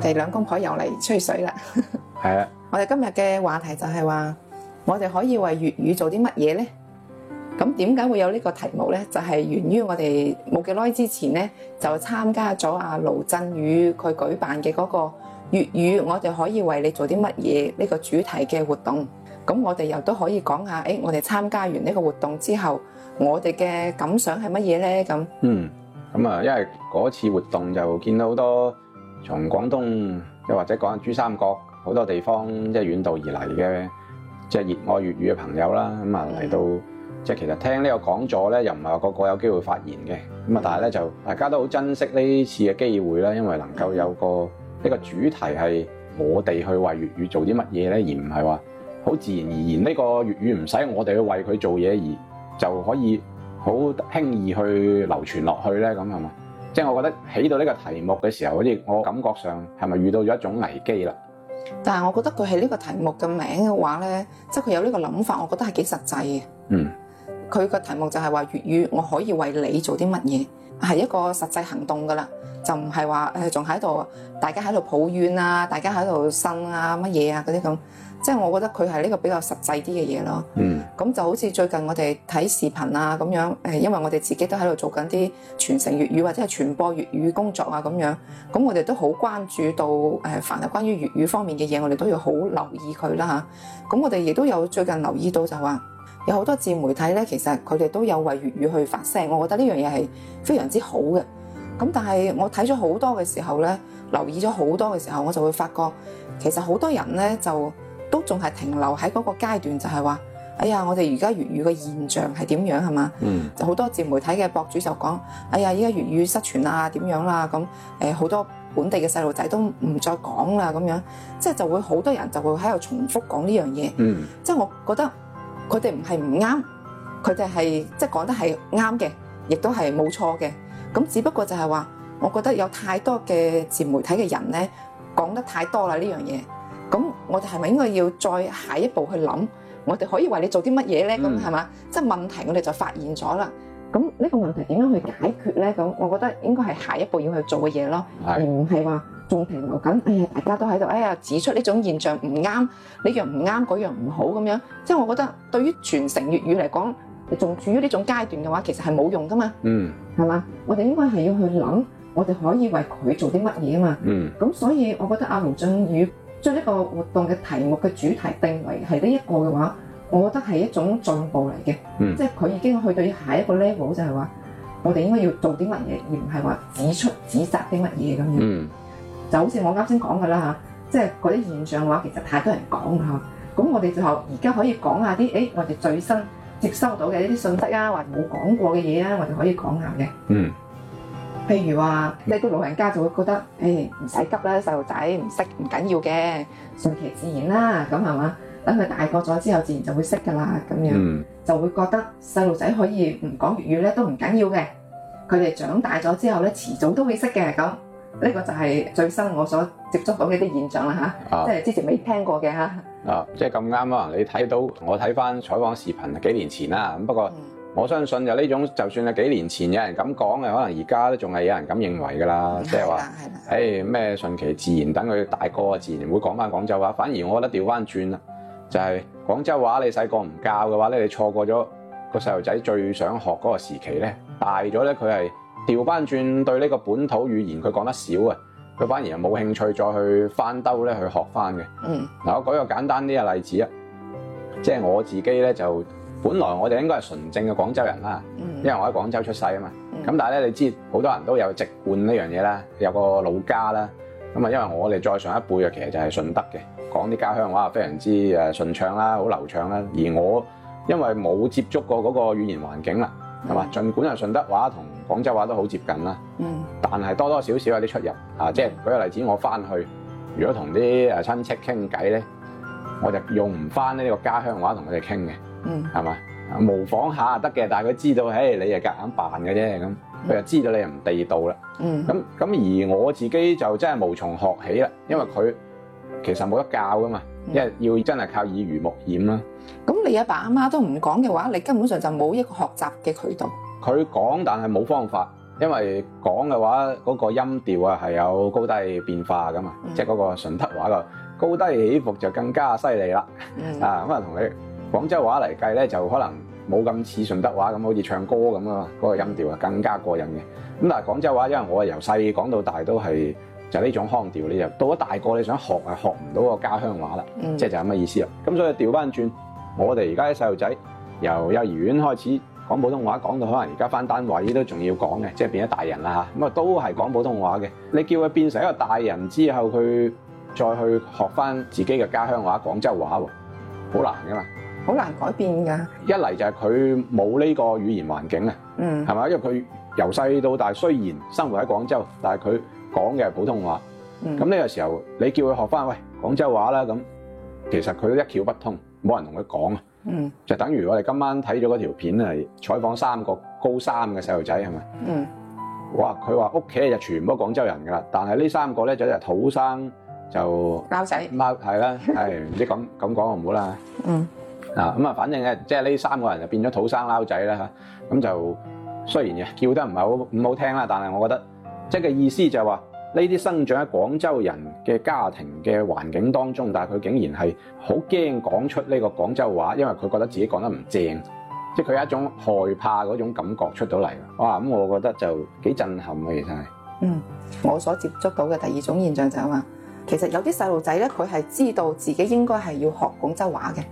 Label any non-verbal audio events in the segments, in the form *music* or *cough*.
我哋兩公婆又嚟吹水啦，係啦。我哋今日嘅話題就係話，我哋可以為粵語做啲乜嘢呢？咁點解會有呢個題目呢？就係源於我哋冇幾耐之前呢，就參加咗阿盧振宇佢舉辦嘅嗰個粵語我哋可以為你做啲乜嘢呢個主題嘅活動。咁我哋又都可以講下，誒，我哋參加完呢個活動之後，我哋嘅感想係乜嘢呢？咁嗯，咁啊，因為嗰次活動就見到好多。從廣東，又或者講緊珠三角好多地方，即係遠道而嚟嘅，即係熱愛粵語嘅朋友啦，咁啊嚟到，即係其實聽呢個講座咧，又唔係話個個有機會發言嘅，咁啊，但係咧就大家都好珍惜呢次嘅機會啦，因為能夠有個呢個主題係我哋去為粵語做啲乜嘢咧，而唔係話好自然而然，呢個粵語唔使我哋去為佢做嘢而就可以好輕易去流傳落去咧，咁係咪？即係我覺得起到呢個題目嘅時候，好似我感覺上係咪遇到咗一種危機啦？但係我覺得佢係呢個題目嘅名嘅話咧，即係佢有呢個諗法，我覺得係幾實際嘅。嗯，佢個題目就係話粵語我可以為你做啲乜嘢，係一個實際行動㗎喇，就唔係話誒仲喺度大家喺度抱怨啊，大家喺度呻啊乜嘢啊嗰啲咁。即係我覺得佢係呢個比較實際啲嘅嘢咯。嗯。咁就好似最近我哋睇視頻啊咁樣，誒，因為我哋自己都喺度做緊啲傳承粵語或者係傳播粵語工作啊咁樣。咁我哋都好關注到誒、呃，凡係關於粵語方面嘅嘢，我哋都要好留意佢啦嚇。咁我哋亦都有最近留意到就話，有好多自媒體咧，其實佢哋都有為粵語去發聲。我覺得呢樣嘢係非常之好嘅。咁但係我睇咗好多嘅時候咧，留意咗好多嘅時候，我就會發覺其實好多人咧就。都仲係停留喺嗰個階段，就係話：哎呀，我哋而家粵語嘅現象係點樣係嘛？嗯，就好多自媒體嘅博主就講：哎呀，依家粵語失傳啦，點樣啦咁？誒，好多本地嘅細路仔都唔再講啦，咁樣即係就會好多人就會喺度重複講呢樣嘢。嗯，即係我覺得佢哋唔係唔啱，佢哋係即係講得係啱嘅，亦都係冇錯嘅。咁只不過就係話，我覺得有太多嘅自媒體嘅人咧，講得太多啦呢樣嘢。咁我哋係咪應該要再下一步去諗？我哋可以為你做啲乜嘢咧？咁係嘛？即係問題，我哋就發現咗啦。咁呢個問題點樣去解決咧？咁我覺得應該係下一步要去做嘅嘢咯，而唔係話仲停留緊。哎呀，大家都喺度，哎呀指出呢種現象唔啱，呢樣唔啱，嗰樣唔好咁樣。即係我覺得對於傳承粵語嚟講，仲處於呢種階段嘅話，其實係冇用噶嘛。嗯，係嘛？我哋應該係要去諗，我哋可以為佢做啲乜嘢啊嘛。嗯，咁所以我覺得阿盧俊宇。將一個活動嘅題目嘅主題定為係呢一個嘅話，我覺得係一種進步嚟嘅，嗯、即係佢已經去到下一個 level，就係話我哋應該要做啲乜嘢，而唔係話指出指責啲乜嘢咁樣。嗯、就好似我啱先講嘅啦吓，即係嗰啲現象嘅話，其實太多人講啦，咁我哋就後而家可以講下啲，誒、哎、我哋最新接收到嘅一啲信息啊，或者冇講過嘅嘢啊，我哋可以講下嘅。嗯譬如話，即係啲老人家就會覺得，誒唔使急啦，細路仔唔識唔緊要嘅，順其自然啦，咁係嘛？等佢大個咗之後，自然就會識噶啦，咁樣、嗯、就會覺得細路仔可以唔講粵語咧都唔緊要嘅，佢哋長大咗之後咧，遲早都會識嘅。咁呢個就係最新我所接觸到嘅啲現象啦吓？啊、即係之前未聽過嘅吓？啊，即係咁啱啊！你睇到我睇翻採訪視頻幾年前啦，咁不過。嗯我相信就呢種，就算係幾年前有人咁講嘅，可能而家都仲係有人咁認為噶啦，即係話，誒咩的、哎、順其自然，等佢大個啊，自然會講翻廣州話。反而我覺得調翻轉啦，就係、是、廣州話你細個唔教嘅話咧，你錯過咗、嗰個細路仔最想學嗰個時期咧，大咗咧佢係調翻轉對呢個本土語言佢講得少啊，佢反而又冇興趣再去翻兜咧去學翻嘅。嗯，嗱我舉個簡單啲嘅例子啊，即、就、係、是、我自己咧就。本來我哋應該係純正嘅廣州人啦，因為我喺廣州出世啊嘛。咁、嗯、但係咧，你知好多人都有籍貫呢樣嘢啦，有個老家啦。咁啊，因為我哋再上一輩嘅，其實就係順德嘅，講啲家鄉話非常之誒順暢啦，好流暢啦。而我因為冇接觸過嗰個語言環境啦，係嘛吧？儘管係順德話同廣州話都好接近啦，但係多多少少有啲出入嚇、啊。即係舉個例子，我翻去如果同啲誒親戚傾偈咧，我就用唔翻呢個家鄉話同佢哋傾嘅。嗯，係嘛，模仿下得嘅，但係佢知道，嘿，你係夾硬扮嘅啫，咁佢就知道你又唔地道啦。嗯，咁咁而我自己就真係無從學起啦，因為佢其實冇得教噶嘛，嗯、因為要真係靠耳濡目染啦。咁你阿爸阿媽都唔講嘅話，你根本上就冇一個學習嘅渠道。佢講，但係冇方法，因為講嘅話嗰、嗰個音調啊係有高低變化噶嘛，即係嗰個順德話嘅高低起伏就更加犀利啦。啊咁啊同你。嗯 *laughs* *laughs* 廣州話嚟計咧，就可能冇咁似順德話咁，好似唱歌咁啊，嗰、嗰個音調啊更加過癮嘅。咁但係廣州話，因為我由細講到大都係就呢種腔調，呢又到咗大個，你想學啊學唔到個家鄉話啦，即係、嗯、就咁嘅意思啦。咁所以調翻轉，我哋而家啲細路仔由幼兒園開始講普通話，講到可能而家翻單位都仲要講嘅，即係變咗大人啦嚇。咁啊都係講普通話嘅，你叫佢變成一個大人之後，佢再去學翻自己嘅家鄉話廣州話喎，好難噶嘛～好難改變㗎。一嚟就係佢冇呢個語言環境啊。嗯。係嘛？因為佢由細到大雖然生活喺廣州，但係佢講嘅係普通話。嗯。咁呢個時候你叫佢學返喂廣州話啦，咁其實佢都一竅不通，冇人同佢講啊。嗯。就等於我哋今晚睇咗嗰條片啊，採訪三個高三嘅細路仔係咪？嗯。哇！佢話屋企就全部都廣州人㗎啦，但係呢三個咧就係土生就撈仔撈係啦，係唔知咁咁講好唔好啦？嗯。啊咁啊，嗯，反正咧，即係呢三個人就變咗土生撈仔啦嚇。咁、啊，就雖然嘅叫得唔係好唔好聽啦，但係我覺得即係嘅意思就話呢啲生長喺廣州人嘅家庭嘅環境當中，但係佢竟然係好驚講出呢個廣州話，因為佢覺得自己講得唔正，即係佢有一種害怕嗰種感覺出到嚟。哇！咁、嗯，我覺得就幾震撼啊，其實係，嗯，我所接觸到嘅第二種現象就係、是、話，其實有啲細路仔咧，佢係知道自己應該係要學廣州話嘅。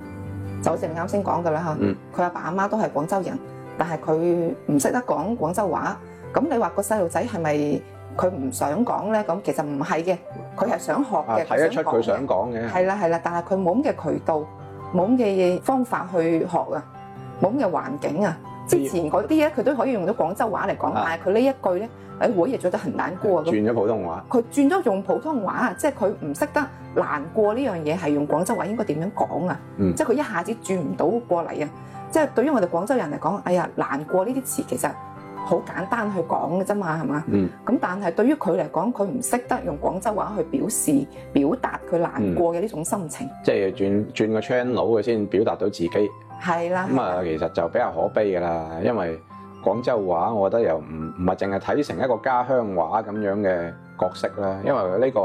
就好似你啱先講㗎喇嚇，佢阿爸阿媽都係廣州人，但係佢唔識得講廣州話。咁你話個細路仔係咪佢唔想講咧？咁其實唔係嘅，佢係想學嘅，想學嘅。睇得出佢想講嘅，係啦係啦，但係佢冇咁嘅渠道，冇咁嘅方法去學啊，冇咁嘅環境啊。之前嗰啲咧，佢都可以用到廣州話嚟講。但係佢呢一句咧，誒會亦覺得很難過。轉咗普通話，佢轉咗用普通話，即係佢唔識得難過呢樣嘢係用廣州話應該點樣講啊？嗯、即係佢一下子轉唔到過嚟啊！即係對於我哋廣州人嚟講，哎呀難過呢啲詞其實好簡單去講嘅啫嘛，係嘛？咁、嗯、但係對於佢嚟講，佢唔識得用廣州話去表示表達佢難過嘅呢種心情。嗯、即係轉轉個 channel 佢先表達到自己。係啦，咁啊，其實就比較可悲噶啦，因為廣州話我覺得又唔唔係淨係睇成一個家鄉話咁樣嘅角色啦，因為呢個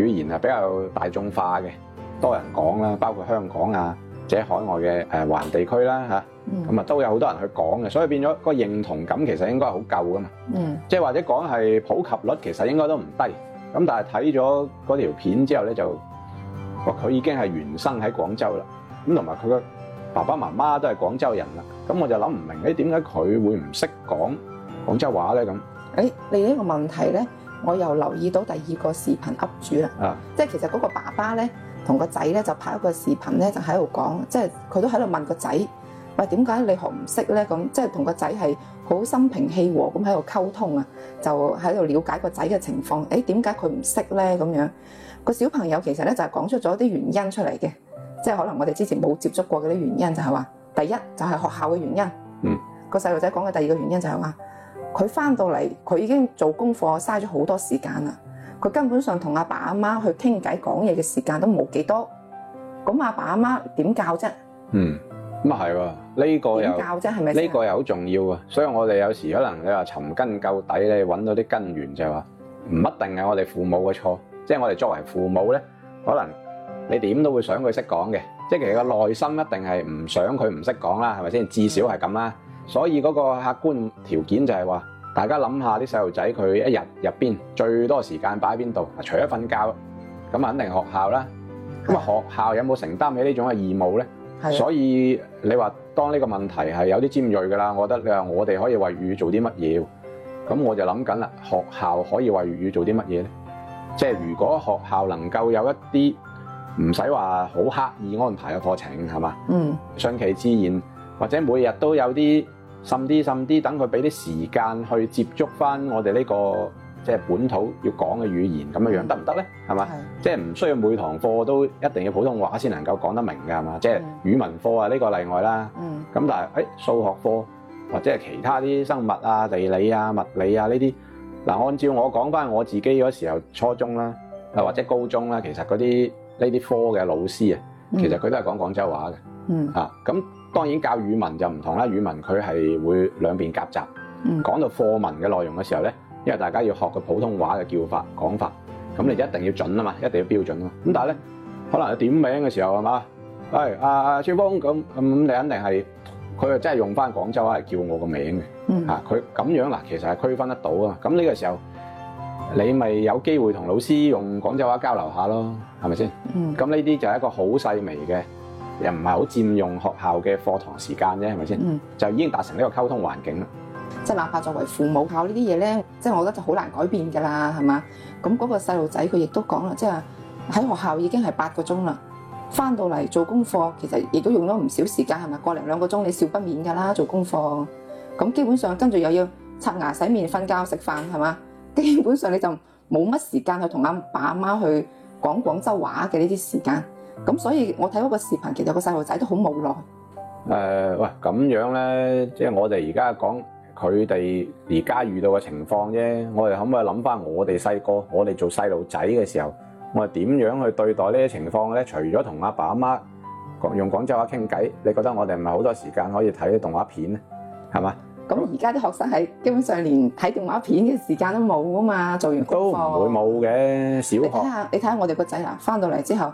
語言係比較大眾化嘅，多人講啦，包括香港啊，或者海外嘅誒華人地區啦嚇，咁啊都有好多人去講嘅，所以變咗個認同感其實應該係好夠噶嘛。嗯，即係或者講係普及率其實應該都唔低，咁但係睇咗嗰條片之後咧就，話，佢已經係原生喺廣州啦，咁同埋佢個爸爸媽媽都係廣州人啦，咁我就諗唔明誒點解佢會唔識講廣州話咧咁？誒、哎，你呢個問題咧，我又留意到第二個視頻 up 主啦，啊、即係其實嗰個爸爸咧，同個仔咧就拍一個視頻咧，就喺度講，即係佢都喺度問個仔，喂，點解你學唔識咧？咁即係同個仔係好心平氣和咁喺度溝通啊，就喺度了解個仔嘅情況，誒點解佢唔識咧？咁樣、那個小朋友其實咧就係、是、講出咗啲原因出嚟嘅。即係可能我哋之前冇接觸過嗰啲原因就係話，第一就係學校嘅原因。嗯。個細路仔講嘅第二個原因就係話，佢翻到嚟佢已經做功課嘥咗好多時間啦，佢根本上同阿爸阿媽去傾偈講嘢嘅時間都冇幾多，咁阿爸阿媽點教啫？嗯，咁啊係喎，呢個又呢個又好重要啊，所以我哋有時可能你話尋根究底咧，你揾到啲根源就係話，唔一定係我哋父母嘅錯，即係我哋作為父母咧，可能。你點都會想佢識講嘅，即係其實個內心一定係唔想佢唔識講啦，係咪先？至少係咁啦。所以嗰個客觀條件就係話，大家諗下啲細路仔佢一日入邊最多時間擺喺邊度？除咗瞓覺，咁肯定學校啦。咁啊學校有冇承擔起呢種嘅義務咧？係。所以你話當呢個問題係有啲尖鋭㗎啦，我覺得你話我哋可以為粵語做啲乜嘢？咁我就諗緊啦，學校可以為粵語做啲乜嘢咧？即係如果學校能夠有一啲。唔使話好刻意安排嘅課程，係嘛？嗯。順其自然，或者每日都有啲甚啲甚啲，等佢俾啲時間去接觸返我哋呢、這個即係、就是、本土要講嘅語言咁樣樣得唔得咧？係嘛、嗯？即係唔需要每堂課都一定要普通話先能夠講得明㗎，係嘛？即、就、係、是嗯、語文課啊，呢、這個例外啦。嗯。咁但係誒、哎、數學課或者係其他啲生物啊、地理啊、物理啊呢啲嗱，按照我講返我自己嗰時候初中啦，啊或者高中啦，其實嗰啲。呢啲科嘅老師啊，其實佢都係講廣州話嘅。嗯。啊，咁當然教語文就唔同啦，語文佢係會兩邊夾雜。嗯。講到課文嘅內容嘅時候咧，因為大家要學個普通話嘅叫法講法，咁你一定要準啊嘛，一定要標準啊嘛。咁但係咧，可能你點名嘅時候係嘛，係、哎、啊，小風咁咁、嗯、你肯定係佢啊，真係用翻廣州話嚟叫我個名嘅。嗯。佢咁、啊、樣嗱，其實係區分得到啊。咁呢個時候，你咪有機會同老師用廣州話交流下咯。係咪先？咁呢啲就係一個好細微嘅，又唔係好佔用學校嘅課堂時間啫。係咪先？嗯、就已經達成呢個溝通環境啦。即係哪怕作為父母考呢啲嘢咧，即係我覺得就好難改變㗎啦。係嘛？咁、那、嗰個細路仔佢亦都講啦，即係喺學校已經係八個鐘啦，翻到嚟做功課，其實亦都用咗唔少時間，係咪？過兩個零兩個鐘你少不免㗎啦，做功課咁、嗯、基本上跟住又要刷牙、洗面、瞓覺、食飯係嘛？基本上你就冇乜時間去同阿爸阿媽去。講廣州話嘅呢啲時間，咁所以我睇嗰個視頻，其實個細路仔都好無奈。誒、呃、喂，咁樣咧，即係我哋而家講佢哋而家遇到嘅情況啫。我哋可唔可以諗翻我哋細個，我哋做細路仔嘅時候，我哋點樣去對待呢啲情況咧？除咗同阿爸阿媽用廣州話傾偈，你覺得我哋唔係好多時間可以睇啲動畫片咧？係嘛？咁而家啲學生係基本上連睇動畫片嘅時間都冇㗎嘛，做完都唔會冇嘅。小學你睇下，你睇下我哋個仔啊，翻到嚟之後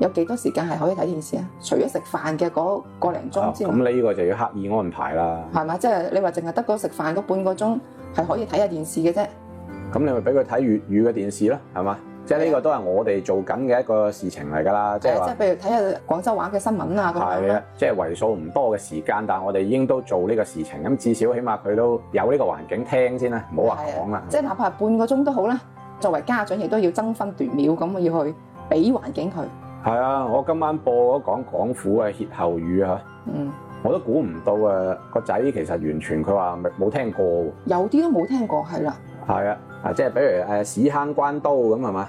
有幾多時間係可以睇電視啊？除咗食飯嘅嗰個零鐘之後，咁呢個，個、哦、個就要刻意安排啦。係咪？即、就、係、是、你話淨係得嗰食飯嗰半個鐘係可以睇下電視嘅啫。咁你咪俾佢睇粵語嘅電視囉，係嘛？即係呢個都係我哋做緊嘅一個事情嚟㗎啦，即係即係譬如睇下廣州話嘅新聞啊，咁樣啊，即係為數唔多嘅時間，但係我哋已經都做呢個事情，咁至少起碼佢都有呢個環境聽先啦，唔好話講啦。即係哪怕半個鐘都好啦，作為家長亦都要爭分奪秒咁要去俾環境佢。係啊，我今晚播咗講廣府嘅歇後語啊，嗯，我都估唔到啊個仔其實完全佢話冇聽過喎。有啲都冇聽過，係啦。係啊，啊即係比如誒呃屎坑關刀咁係嘛？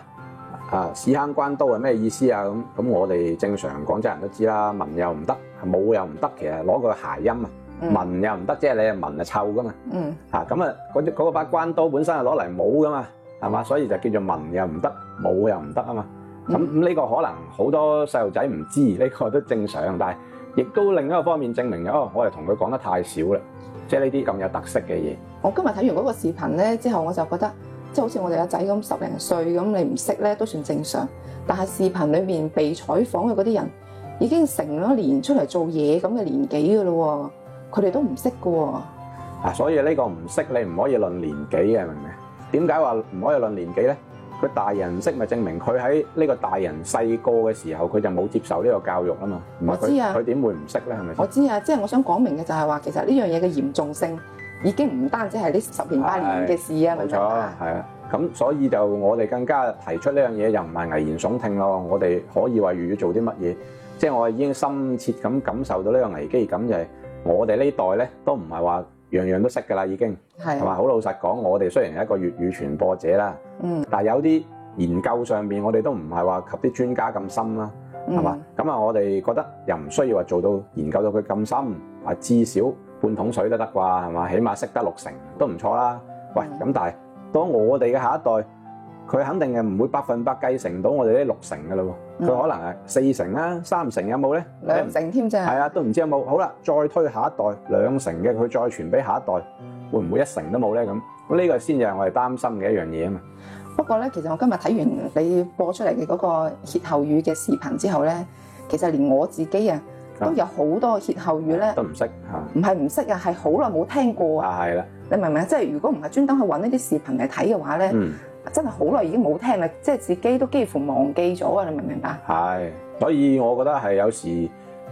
啊！屎坑關刀係咩意思啊？咁、嗯、咁我哋正常廣州人都知啦，文又唔得，武又唔得，其實攞個諧音啊，文又唔得即係，你啊文啊臭噶嘛，嗯，嚇咁啊嗰把關刀本身係攞嚟武噶嘛，係嘛，所以就叫做文又唔得，武又唔得啊嘛。咁咁呢個可能好多細路仔唔知，呢、這個都正常，但係亦都另一個方面證明咗哦，我哋同佢講得太少啦，即係呢啲咁有特色嘅嘢。我今日睇完嗰個視頻咧之後，我就覺得。即係好似我哋阿仔咁十零歲咁，你唔識咧都算正常。但係視頻裏面被採訪嘅嗰啲人已經成咗年出嚟做嘢咁嘅年紀嘅咯，佢哋都唔識嘅。嗱、啊，所以呢個唔識你唔可以論年紀嘅，明唔明？點解話唔可以論年紀咧？佢大人識咪證明佢喺呢個大人細個嘅時候佢就冇接受呢個教育啊嘛？我知啊佢點會唔識咧？係咪？我知啊，即係我想講明嘅就係話，其實呢樣嘢嘅嚴重性。已經唔單止係呢十年八年嘅事啊，冇錯，係啊，咁所以就我哋更加提出呢樣嘢，又唔係危言聳聽咯。我哋可以為粵語做啲乜嘢，即係我已經深切咁感受到呢個危機感，就係我哋呢代咧都唔係話樣樣都識㗎啦，已經係嘛，好老實講，我哋雖然係一個粵語傳播者啦，嗯，但係有啲研究上面，我哋都唔係話及啲專家咁深啦，係嘛，咁啊，嗯，我哋覺得又唔需要話做到研究到佢咁深，啊，至少。半桶水都得啩，係嘛？起碼識得六成都唔錯啦。喂，咁但係當我哋嘅下一代，佢肯定係唔會百分百繼承到我哋呢六成㗎喇。佢可能係四成啦，三成有冇咧？兩成添啫。係啊，都唔知有冇。好啦，再推下一代兩成嘅，佢再傳俾下一代，會唔會一成都冇咧？咁呢個先至係我哋擔心嘅一樣嘢啊嘛。不過咧，其實我今日睇完你播出嚟嘅嗰個歇後語嘅視頻之後咧，其實連我自己啊～都有好多歇後語咧，都唔識嚇，唔係唔識啊，係好耐冇聽過啊，係啦的，你明唔明啊？即係如果唔係專登去揾呢啲視頻嚟睇嘅話咧，嗯，真係好耐已經冇聽啦，即係自己都幾乎忘記咗啊！你明唔明白？係，所以我覺得係有時你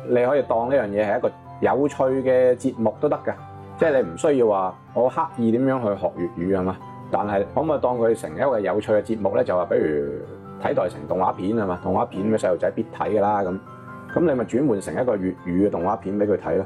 可以當呢樣嘢係一個有趣嘅節目都得㗎，即係你唔需要話我刻意點樣去學粵語係嘛，但係可唔可以當佢成一個有趣嘅節目咧？就話比如睇代成動畫片係嘛，動畫片咪細路仔必睇㗎啦咁。咁你咪轉換成一個粵語嘅動畫片俾佢睇咯，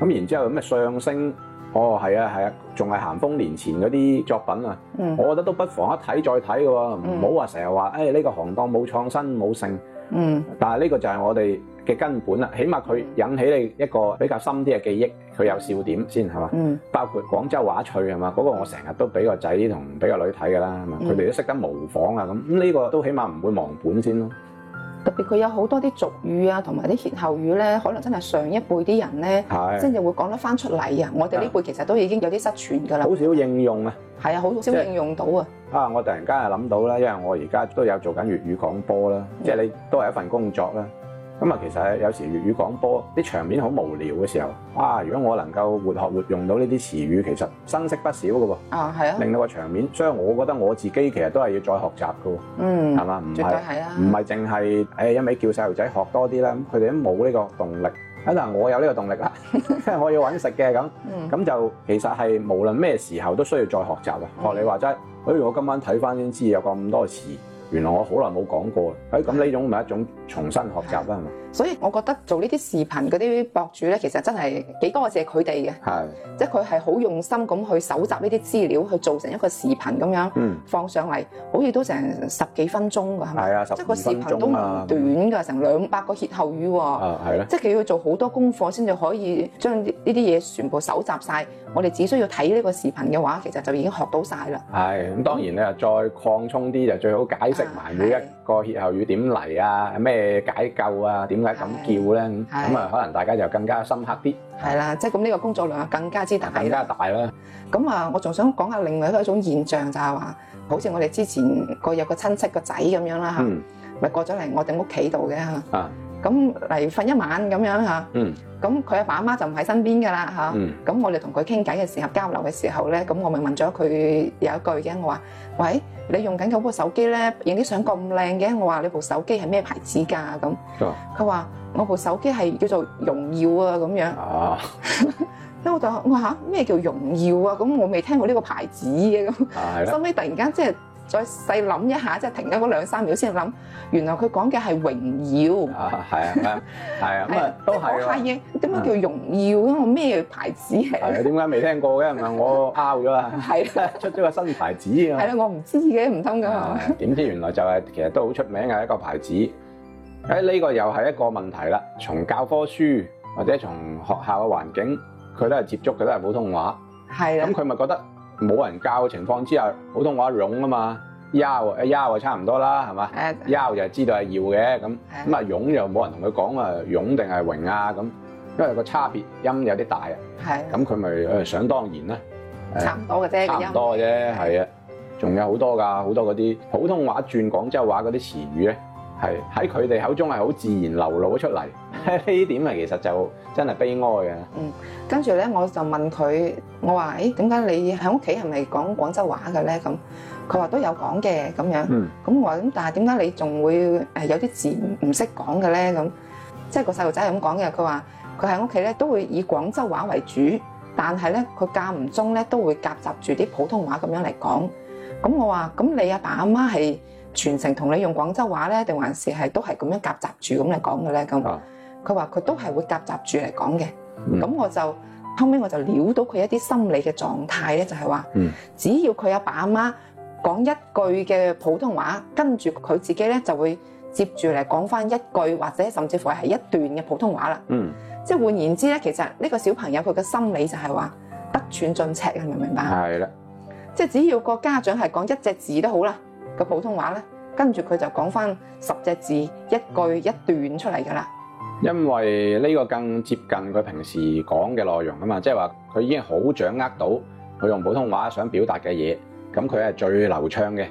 咁然之後有咩上星，哦係啊係啊，仲係、啊、鹹豐年前嗰啲作品啊，嗯、我覺得都不妨一睇再睇嘅喎，唔好話成日話誒呢個行當冇創新冇性，嗯，但係呢個就係我哋嘅根本啦，起碼佢引起你一個比較深啲嘅記憶，佢有笑點先係嘛，嗯，包括廣州話趣係嘛，嗰、嗰個我成日都俾個仔同俾個女睇㗎啦，佢哋、嗯、都識得模仿啊咁，咁呢個都起碼唔會忘本先咯。特別佢有好多啲俗語啊，同埋啲歇後語咧，可能真係上一輩啲人咧，先至會講得翻出嚟啊！我哋呢輩其實都已經有啲失傳㗎啦，好少應用啊，係啊，好少應用到啊！啊，我突然間又諗到啦，因為我而家都有做緊粵語廣播啦，即係你都係一份工作啦。咁啊，其實有時粵語廣播啲場面好無聊嘅時候，哇！如果我能夠活學活用到呢啲詞語，其實生色不少嘅喎。啊，係啊。令到個場面，所以我覺得我自己其實都係要再學習嘅喎。嗯。係嘛？絕對係啊。唔係淨係唉一味叫細路仔學多啲啦，佢哋都冇呢個動力。喺嗱，我有呢個動力啦，因 *laughs* 為我要揾食嘅咁。咁、嗯、就其實係無論咩時候都需要再學習嘅。學、嗯、你話齋，好如我今晚睇返先知有咁多詞。原來我好耐冇講過，誒咁呢種咪一種重新學習啦，所以我覺得做呢啲視頻嗰啲博主咧，其實真係幾多謝佢哋嘅，的即係佢係好用心咁去搜集呢啲資料，去做成一個視頻咁樣、嗯、放上嚟，好似都成十幾分鐘㗎，係咪？的即係個視頻都唔短㗎，成兩百個歇後語喎。啊的，即係佢要做好多功課先至可以將呢啲嘢全部搜集晒。我哋只需要睇呢個視頻嘅話，其實就已經學到晒啦。係，咁當然你咧，再擴充啲就最好解釋埋每一的。個歇後語點嚟啊？咩解救啊？點解咁叫咧？咁啊的，嗯、可能大家就更加深刻啲。係啦的，的即係咁呢個工作量啊，更加之大。更加大啦！咁啊，我仲想講下另外一種現象，就係、是、話，好似我哋之前個有個親戚個仔咁樣啦嚇，咪、嗯、過咗嚟我哋屋企度嘅嚇。啊咁嚟瞓一晚咁樣吓，咁佢阿爸阿媽就唔喺身邊噶啦嚇，咁、嗯嗯、我哋同佢傾偈嘅時候，交流嘅時候咧，咁我咪問咗佢有一句嘅，我話：喂，你用緊嗰部手機咧，影啲相咁靚嘅，我話你部手機係咩牌子噶？咁，佢話、哦：我部手機係叫做榮耀啊咁樣。哦、啊，咁 *laughs* 我就我話咩叫榮耀啊？咁我未聽過呢個牌子嘅咁。啊，係啦。後尾突然間即係。再細諗一下，即係停咗嗰兩三秒先諗，原來佢講嘅係榮耀。啊，係啊，係啊，咁啊， *laughs* 啊都係啊。我嚇嘢，點解叫榮耀嘅？我咩牌子嚟？係啊，點解未聽過嘅？唔係我 out 咗啊，係啊，出咗個新牌子啊。係啦，我唔知嘅，唔通㗎。點知原來就係其實都好出名嘅一個牌子。誒，呢個又係一個問題啦。從教科書或者從學校嘅環境，佢都係接觸嘅都係普通話。係啊。咁佢咪覺得？冇人教嘅情況之下，普通話勇啊嘛，喺喺差唔多啦，係嘛？喺、嗯，就係知道係要嘅咁，咁啊勇又冇人同佢講啊勇定係榮啊咁，因為個差別音有啲大啊，係、嗯，咁佢咪誒想當然啦，差唔多嘅啫，嗯、差唔多嘅啫，係啊， *noise* 仲有好多㗎，好多嗰啲普通話轉廣州話嗰啲詞語咧。係喺佢哋口中係好自然流露咗出嚟，呢啲點啊其實就真係悲哀嘅。嗯，跟住咧我就問佢，我話：哎，點解你喺屋企係咪講廣州話嘅咧？咁佢話都有講嘅咁樣。嗯。咁我話：咁但係點解你仲會誒有啲字唔唔識講嘅咧？咁即係個細路仔係咁講嘅。佢話：佢喺屋企咧都會以廣州話為主，但係咧佢間唔中咧都會夾雜住啲普通話咁樣嚟講。咁我話：咁、嗯、你阿爸阿媽係全程同你用廣州話咧，定還是係都係咁樣夾雜住咁嚟講嘅咧？咁佢話佢都係會夾雜住嚟講嘅。咁、嗯、我就後尾，我就料到佢一啲心理嘅狀態咧，就係、是、話，嗯、只要佢阿爸阿媽講一句嘅普通話，跟住佢自己咧就會接住嚟講翻一句，或者甚至乎係一段嘅普通話啦。嗯，即係換言之咧，其實呢個小朋友佢嘅心理就係話得寸進尺，明唔明白？係啦，即係只要個家長係講一隻字都好啦。個普通話咧，跟住佢就講返十隻字一句一段出嚟㗎啦。因為呢個更接近佢平時講嘅內容啊嘛，即係話佢已經好掌握到佢用普通話想表達嘅嘢，咁佢係最流暢嘅。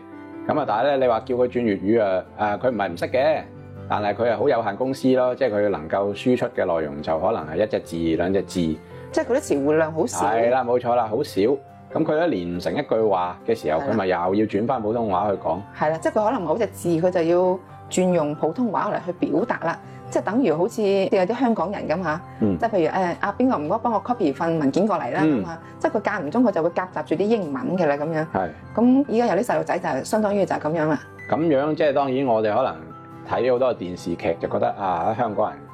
咁啊，但係咧，你話叫佢轉粵語啊，啊，佢唔係唔識嘅，但係佢係好有限公司咯，即係佢能夠輸出嘅內容就可能係一隻字兩隻字，即係佢啲詞彙量好少。係啦，冇錯啦，好少。咁佢一連唔成一句話嘅時候，佢咪的又要轉翻普通話去講？係啦，即係佢可能某隻字佢就要轉用普通話嚟去表達啦，即係等於好似有啲香港人咁吓，嗯、即係譬如誒阿邊個唔該幫我 copy 份文件過嚟啦咁啊，嗯、即係佢間唔中佢就會夾雜住啲英文嘅啦咁樣。係的。咁而家有啲細路仔就係相當於就係咁樣啦。咁樣即係當然我哋可能睇好多電視劇就覺得啊，香港人。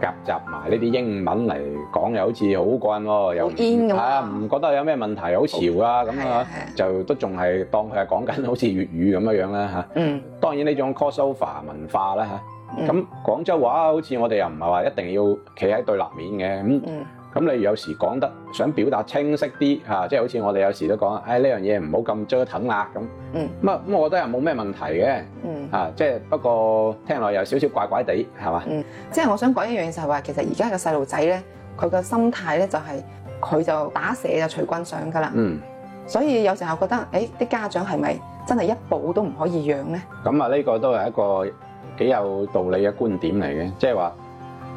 夾雜埋呢啲英文嚟講又好似好慣喎，又睇下唔覺得有咩問題，好潮啊咁啊，是啊是啊，就都仲係當佢係講緊好似粵語咁樣樣啦嚇。嗯，當然呢種 call sofa 文化啦嚇，咁廣州話好似我哋又唔係話一定要企喺對立面嘅咁。嗯嗯。咁你有時講得想表達清晰啲嚇，即係好似我哋有時都講，誒呢樣嘢唔好咁折騰啦咁。嗯。咁啊，咁我覺得又冇咩問題嘅。嗯。啊，即係不過聽落又少少怪怪地，係嘛？嗯。即係我想講一樣嘢就係話，其實而家嘅細路仔咧，佢個心態咧就係佢就打蛇，就隨棍上噶啦。嗯。所以有時候覺得，誒、哎、啲家長係咪真係一步都唔可以讓咧？咁啊、嗯，呢、這個都係一個幾有道理嘅觀點嚟嘅，即係話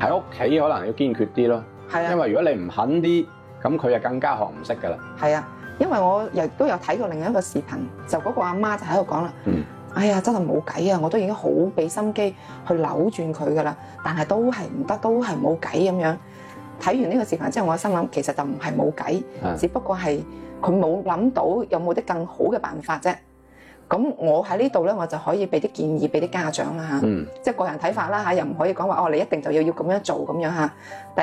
喺屋企可能要堅決啲咯。係啊，因為如果你唔肯啲，咁佢就更加學唔識㗎啦。係啊，因為我亦都有睇過另一個視頻，就嗰個阿媽，媽就喺度講啦。嗯。哎呀，真係冇計啊！我都已經好俾心機去扭轉佢㗎啦，但係都係唔得，都係冇計咁樣。睇完呢個視頻之後，我心諗其實就唔係冇計，啊、只不過係佢冇諗到有冇啲更好嘅辦法啫。咁我喺呢度咧，我就可以俾啲建議俾啲家長啦嚇，嗯、即係個人睇法啦嚇，又唔可以講話哦，你一定就要要咁樣做咁樣吓，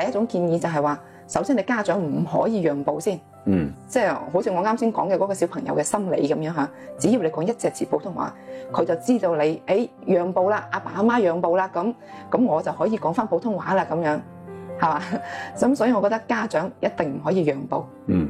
第一種建議就係話，首先你家長唔可以讓步先，嗯、即係好似我啱先講嘅嗰個小朋友嘅心理咁樣吓，只要你講一隻字普通話，佢就知道你誒讓步啦，阿爸阿媽讓步啦，咁咁我就可以講翻普通話啦咁樣，係嘛？咁 *laughs* 所以我覺得家長一定唔可以讓步。嗯、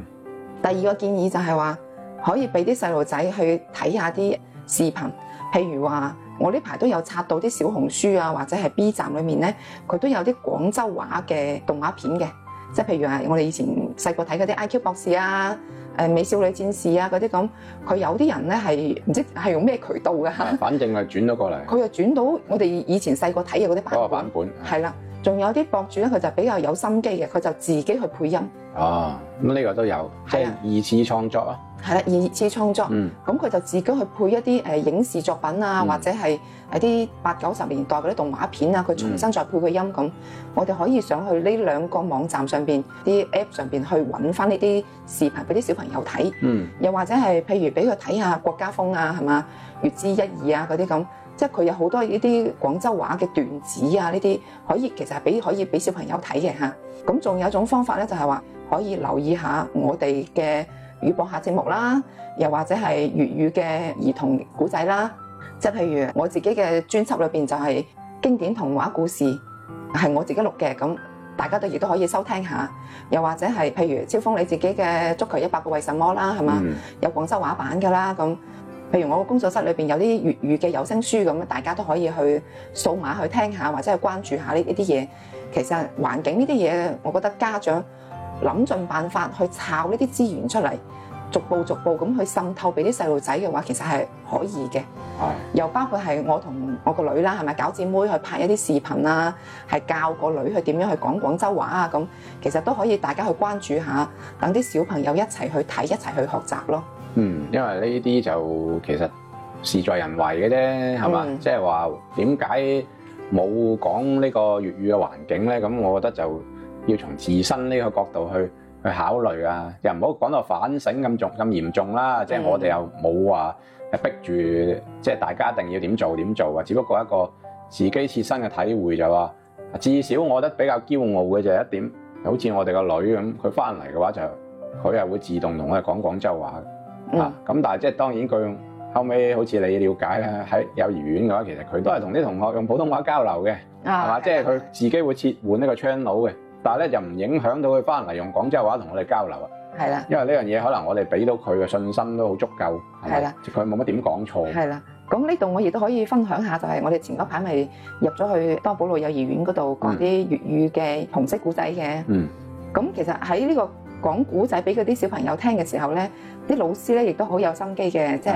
第二個建議就係話。可以俾啲細路仔去睇下啲視頻，譬如話，我呢排都有刷到啲小紅書啊，或者係 B 站裏面呢，佢都有啲廣州話嘅動畫片嘅，即係譬如話我哋以前細個睇嗰啲 IQ 博士啊、誒美少女戰士啊嗰啲咁，佢有啲人呢係唔知係用咩渠道嘅嚇，反正係轉咗過嚟，佢又轉到我哋以前細個睇嘅嗰啲版本，係啦，仲有啲博主呢，佢就比較有心機嘅，佢就自己去配音。哦、啊，咁呢個都有，即係二次創作啊！係啦，二次創作，咁佢、嗯、就自己去配一啲誒影視作品啊，嗯、或者係一啲八九十年代嗰啲動畫片啊，佢重新再配個音咁。嗯、我哋可以上去呢兩個網站上邊啲 App 上邊去揾翻呢啲視頻俾啲小朋友睇，嗯、又或者係譬如俾佢睇下國家風啊，係嘛？粵知一二啊嗰啲咁，即係佢有好多呢啲廣州話嘅段子啊，呢啲可以其實係俾可以俾小朋友睇嘅嚇。咁仲有一種方法咧，就係、是、話可以留意下我哋嘅。語播下節目啦，又或者係粵語嘅兒童故仔啦，即係譬如我自己嘅專輯裏邊就係經典童話故事，係我自己錄嘅，咁大家都亦都可以收聽下。又或者係譬如超峰你自己嘅足球一百個為什麼啦，係咪？Mm hmm. 有廣州話版㗎啦，咁譬如我工作室裏邊有啲粵語嘅有聲書咁，大家都可以去掃碼去聽下，或者係關注下呢呢啲嘢。其實環境呢啲嘢，我覺得家長。諗盡辦法去抄呢啲資源出嚟，逐步逐步咁去滲透俾啲細路仔嘅話，其實係可以嘅。係的。又包括係我同我個女啦，係咪？搞姊妹去拍一啲視頻啊，係教個女去點樣去講廣州話啊，咁其實都可以大家去關注下，等啲小朋友一齊去睇，一齊去學習咯。嗯，因為呢啲就其實事在人為嘅啫，係嘛？即係話點解冇講呢個粵語嘅環境咧？咁我覺得就。要從自身呢個角度去去考慮啊，又唔好講到反省咁重咁嚴重啦。即係、嗯、我哋又冇話逼住，即、就、係、係、大家一定要點做點做啊。只不過一個自己切身嘅體會就話，至少我覺得比較驕傲嘅就係一點，好似我哋個女咁，佢翻嚟嘅話就佢係會自動同我哋講,講廣州話、嗯、啊。咁但係即係當然佢後尾好似你了解咧，喺幼兒園嘅話，其實佢都係同啲同學用普通話交流嘅，係嘛、啊？即係佢自己會切換呢個 channel 嘅。但係咧就唔影響到佢翻嚟用廣州話同我哋交流啊，係啦，因為呢樣嘢可能我哋俾到佢嘅信心都好足夠，係啦，即佢冇乜點講錯，係啦。咁呢度我亦都可以分享下，就係我哋前嗰排咪入咗去多寶路幼兒園嗰度講啲粵語嘅童聲故仔紅色故仔嘅，嗯，咁其實喺呢個。講古仔俾嗰啲小朋友聽嘅時候呢，啲老師呢亦都好有心機嘅，是即係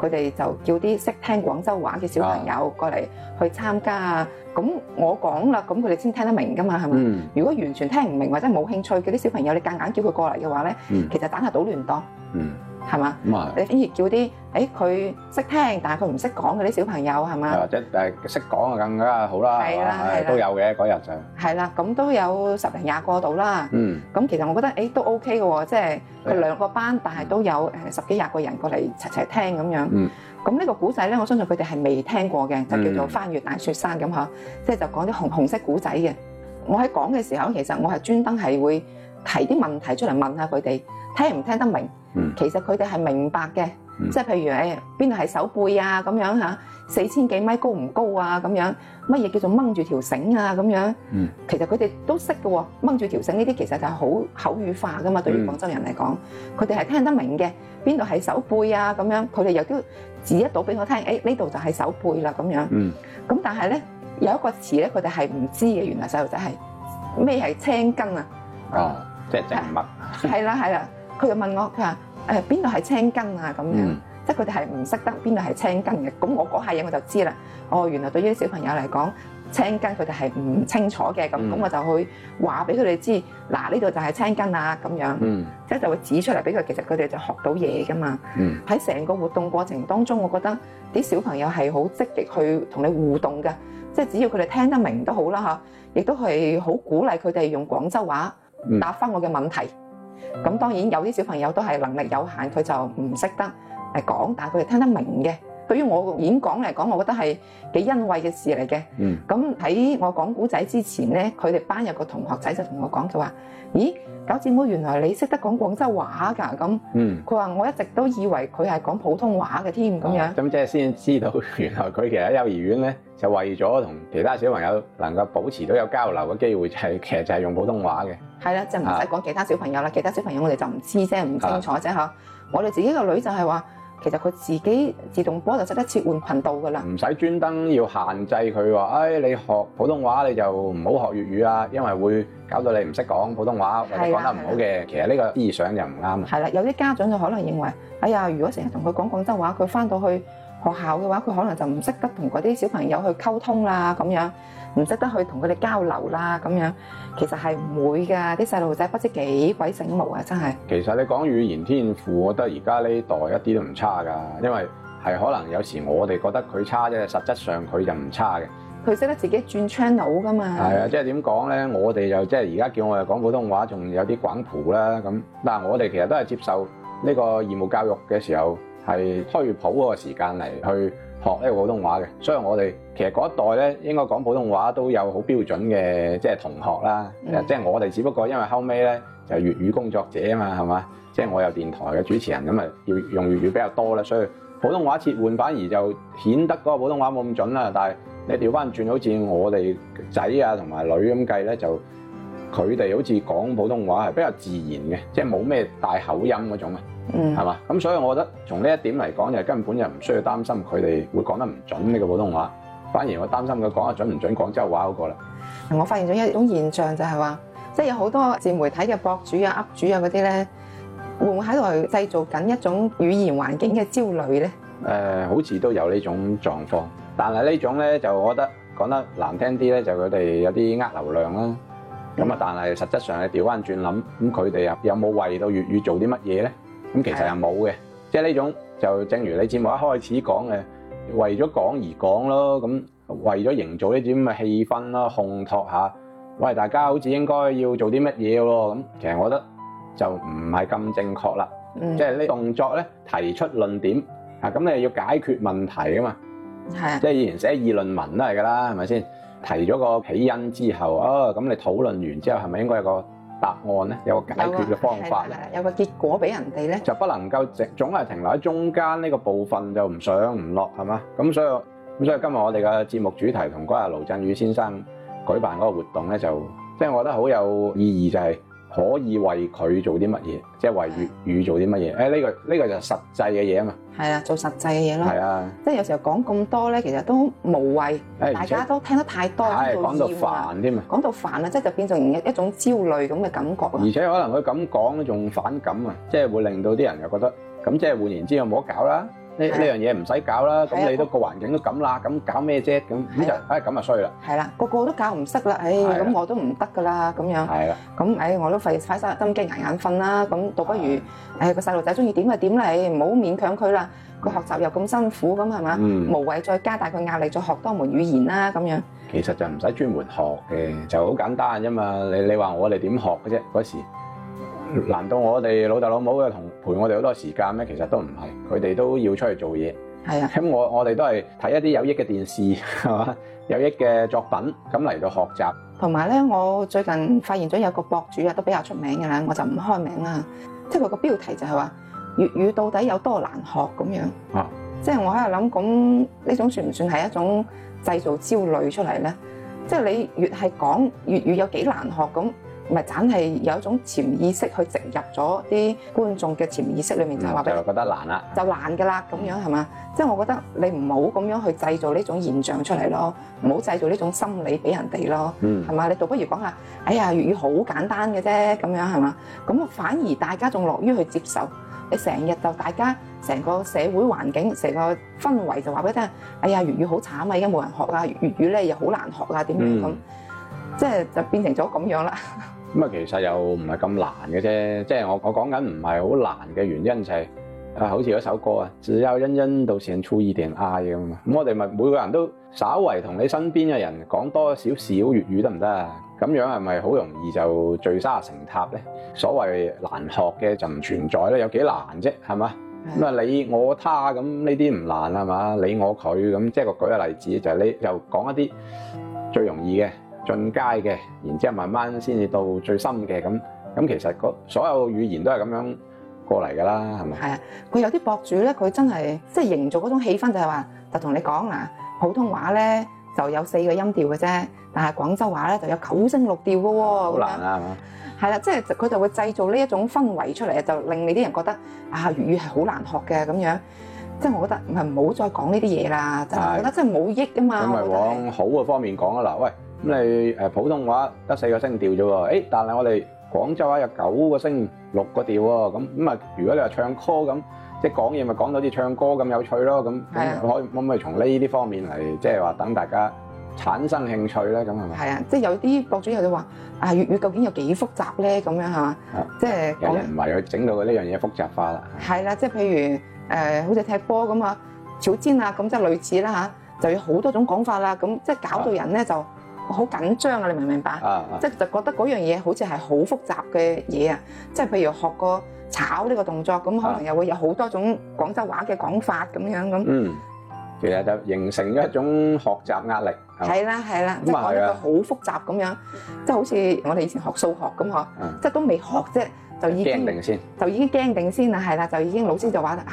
佢哋就叫啲識聽廣州話嘅小朋友過嚟去參加啊。咁我講啦，咁佢哋先聽得明噶嘛，係咪？嗯、如果完全聽唔明或者冇興趣嘅啲小朋友，你夾硬叫佢過嚟嘅話呢，嗯、其實打下搗亂多。嗯係嘛？咁啊！嗯、你反而叫啲，誒佢識聽，但係佢唔識講嗰啲小朋友係嘛？或者誒識講啊，就更加好啦。係啦，都有嘅嗰日就係。係啦，咁都有十零廿個度啦。嗯。咁其實我覺得，誒、欸、都 OK 嘅喎，即係兩個班，但係都有誒十幾廿個人過嚟齊齊聽咁樣。嗯。咁呢個古仔咧，我相信佢哋係未聽過嘅，就叫做《翻越大雪山》咁呵、嗯，即係、嗯、就係、講啲紅紅色古仔嘅。我喺講嘅時候，其實我係專登係會提啲問題出嚟問下佢哋。聽唔聽得明，其實佢哋係明白嘅，即係譬如誒邊度係手背啊咁樣嚇，四千幾米高唔高啊咁樣，乜嘢叫做掹住條繩啊咁樣，其實佢哋都識嘅喎，掹住條繩呢啲其實就係好口語化噶嘛，對於廣州人嚟講，佢哋係聽得明嘅，邊度係手背啊咁樣，佢哋又都指一到俾我聽，誒呢度就係手背啦咁樣，咁但係咧有一個詞咧佢哋係唔知嘅，原來細路仔係咩係青筋啊？哦，即係即係乜。係啦，係啦。佢就問我，佢話：誒邊度係青筋啊？咁樣，嗯、即係佢哋係唔識得邊度係青筋嘅。咁我嗰下嘢我就知啦。哦、嗯，原來對於小朋友嚟講，青筋佢哋係唔清楚嘅。咁，咁我就去話俾佢哋知，嗱呢度就係青筋啊咁樣。嗯、即係就會指出嚟俾佢，其實佢哋就學到嘢噶嘛。喺成、嗯、個活動過程當中，我覺得啲小朋友係好積極去同你互動嘅。即係只要佢哋聽得明好、啊、都好啦嚇，亦都係好鼓勵佢哋用廣州話答翻我嘅問題。嗯咁當然有啲小朋友都係能力有限，佢就唔識得誒講，但係佢哋聽得明嘅。對於我演講嚟講，我覺得係幾欣慰嘅事嚟嘅。咁喺、嗯嗯、我講古仔之前呢，佢哋班有個同學仔就同我講就話：咦，九子妹，原來你識得講廣州話㗎？咁，佢話我一直都以為佢係講普通話嘅添。咁樣，咁、啊嗯、即係先知道，原來佢其實喺幼兒園呢，就為咗同其他小朋友能夠保持到有交流嘅機會、就是，就係其實就係用普通話嘅。係啦，就唔使講其他小朋友啦，啊、其他小朋友我哋就唔知聲，唔、啊、清楚啫嚇。啊、我哋自己個女就係話。其實佢自己自動波就識得切換頻道㗎啦，唔使專登要限制佢話，哎你學普通話你就唔好學粵語啊，因為會搞到你唔識講普通話的或者講得唔好嘅。的其實呢個思想又唔啱。係啦，有啲家長就可能認為，哎呀，如果成日同佢講廣州話，佢翻到去。學校嘅話，佢可能就唔識得同嗰啲小朋友去溝通啦，咁樣唔識得去同佢哋交流啦，咁樣其實係唔會㗎。啲細路仔不知幾鬼醒目啊，真係。其實你講語言天賦，我覺得而家呢代一啲都唔差㗎，因為係可能有時我哋覺得佢差啫，實質上佢就唔差嘅。佢識得自己轉 channel 㗎嘛？係啊，即係點講咧？我哋就即係而家叫我哋講普通話，仲有啲廣普啦咁。但係我哋其實都係接受呢個義務教育嘅時候，係推普嗰個時間嚟去學呢個普通話嘅，所以我哋其實嗰一代咧應該講普通話都有好標準嘅，即係同學啦，mm hmm. 即係我哋只不過因為後尾咧就係、粵語工作者啊嘛，係嘛，即係我有電台嘅主持人咁啊，要用粵語比較多啦，所以普通話切換反而就顯得嗰個普通話冇咁準啦。但係你調翻轉，好似我哋仔啊同埋女咁計咧，就佢哋好似講普通話係比較自然嘅，即係冇咩大口音嗰種啊。嗯，係嘛？咁所以我覺得從呢一點嚟講，就根本就唔需要擔心佢哋會講得唔準呢個普通話，反而我擔心佢講得準唔準廣州話嗰個啦。我發現咗一種現象，就係話，即係有好多自媒體嘅博主啊、up 主啊嗰啲咧，會唔會喺度製造緊一種語言環境嘅焦慮咧？誒、呃，好似都有呢種狀況，但係呢種咧就我覺得講得難聽啲咧，就佢哋有啲呃流量啦。咁啊、嗯，但係實質上你調翻轉諗，咁佢哋啊有冇為到粵語做啲乜嘢咧？咁其實又冇嘅，即係呢種就正如你節目一開始講嘅，為咗講而講咯，咁為咗營造呢啲咁嘅氣氛啦，烘托下，喂大家好似應該要做啲乜嘢喎？咁其實我覺得就唔係咁正確啦，嗯、即係呢動作咧提出論點啊，咁你又要解決問題啊嘛，係啊，即係以前寫議論文都係㗎啦，係咪先？提咗個起因之後，啊、哦、咁你討論完之後係咪應該有個？答案咧，有個解決嘅方法咧，有個結果俾人哋咧，就不能夠隻總係停留喺中間呢個部分，就唔上唔落係嘛。咁所以，咁所以今日我哋嘅節目主題同嗰日盧振宇先生舉辦嗰個活動咧，就即係、就是、我覺得好有意義就係、是。可以為佢做啲乜嘢，即係為粵語、啊、語做啲乜嘢？誒、哎、呢、這個呢、這個就實際嘅嘢啊嘛，係啊，做實際嘅嘢咯，係啊，即係有時候講咁多咧，其實都無謂，哎、大家都聽得太多，都講到、哎、到煩添啊，講到煩啊，即係就變成一種焦慮咁嘅感覺啊，而且可能佢咁講咧，仲反感啊，即係會令到啲人又覺得，咁即係換言之，有冇得搞啦。呢呢樣嘢唔使搞啦，咁你都個環境都咁啦，咁搞咩啫？咁呢就唉咁就衰啦。係啦，個個都搞唔識啦，唉，咁我都唔得噶啦，咁樣。係啦。咁唉我都費曬心機挨眼瞓啦，咁倒不如唉個細路仔中意點咪點嚟，唔好勉強佢啦。佢學習又咁辛苦咁係嘛？嗯。無謂再加大佢壓力，再學多門語言啦咁樣。其實就唔使專門學嘅，就好簡單啫嘛。你你話我哋點學嘅啫嗰時？難道我哋老豆老母又同陪我哋好多時間呢？其實都唔係，佢哋都要出去做嘢。係啊，咁我我哋都係睇一啲有益嘅電視，係嘛？有益嘅作品咁嚟到學習。同埋咧，我最近發現咗有個博主啊，都比較出名㗎啦，我就唔開名啦。即係佢個標題就係話粵語到底有多難學咁樣。啊！即係我喺度諗，咁呢種算唔算係一種製造焦慮出嚟咧？即係你越係講粵語有幾難學咁。咪，係，真係有一種潛意識去植入咗啲觀眾嘅潛意識裏面，嗯、就係話俾人覺得難啦，就難㗎啦，咁樣係嘛？即係我覺得你唔好咁樣去製造呢種現象出嚟咯，唔好製造呢種心理俾人哋咯，係嘛、嗯？你倒不如講下，哎呀，粵語好簡單嘅啫，咁樣係嘛？咁啊，反而大家仲樂於去接受，你成日就大家成個社會環境、成個氛圍就話俾你聽，哎呀，粵語好慘啊，而家冇人學啦，粵語咧又好難學啊，點樣咁？嗯即係就變成咗咁樣啦。咁啊，其實又唔係咁難嘅啫。即係我我講緊唔係好難嘅原因就係、是、啊，好似嗰首歌啊，只有欣欣到時初二定嗌」咁。咁、嗯、我哋咪每個人都稍為同你身邊嘅人講多少少粵語得唔得？啊？咁樣係咪好容易就聚沙成塔咧？所謂難學嘅就唔存在咧，有幾難啫，係嘛？咁啊，你我他咁呢啲唔難啊係嘛？你我佢咁，即係我舉個例子就係、是、你又講一啲最容易嘅。進階嘅，然之後慢慢先至到最深嘅咁咁，其實個所有語言都係咁樣過嚟㗎啦，係咪？係啊，佢有啲博主咧，佢真係即係營造嗰種氣氛，就係話就同你講嗱，普通話咧就有四個音調嘅啫，但係廣州話咧就有九聲六調嘅喎。好難啊，係嘛？係啦，即係佢就會製造呢一種氛圍出嚟，就令你啲人覺得啊，粵語係好難學嘅咁樣。即係我覺得唔係唔好再講呢啲嘢啦，就覺得真係冇益啊嘛。咁咪往好嘅方面講啊嗱，喂！咁你誒普通話得四個聲調啫喎，誒，但係我哋廣州話有九個聲六個調喎，咁咁啊，如果你唱 call, 話唱歌咁，即係講嘢咪講到好似唱歌咁有趣咯，咁，可可唔可以從呢啲方面嚟，即係話等大家產生興趣咧？咁係咪？係啊，即係有啲博主又就話啊，粵語究竟有幾複雜咧？咁樣嚇，即係講唔係去整到佢呢樣嘢複雜化啦。係啦、啊，即係譬如誒、呃，好似踢波咁啊，小籠啊，咁即係類似啦吓，就有好多種講法啦，咁即係搞到人咧就～好緊張啊！你明唔明白？啊啊、即係就覺得嗰樣嘢好似係好複雜嘅嘢啊！即係譬如學個炒呢個動作，咁可能又會有好多種廣州話嘅講法咁樣咁。嗯，其實就形成一種學習壓力。係啦、嗯，係啦，的即係講到好複雜咁樣，即係好似我哋以前學數學咁嗬，嗯、即係都未學啫。就已經驚定先，就已經驚定先啦，係啦，就已經老師就話：啊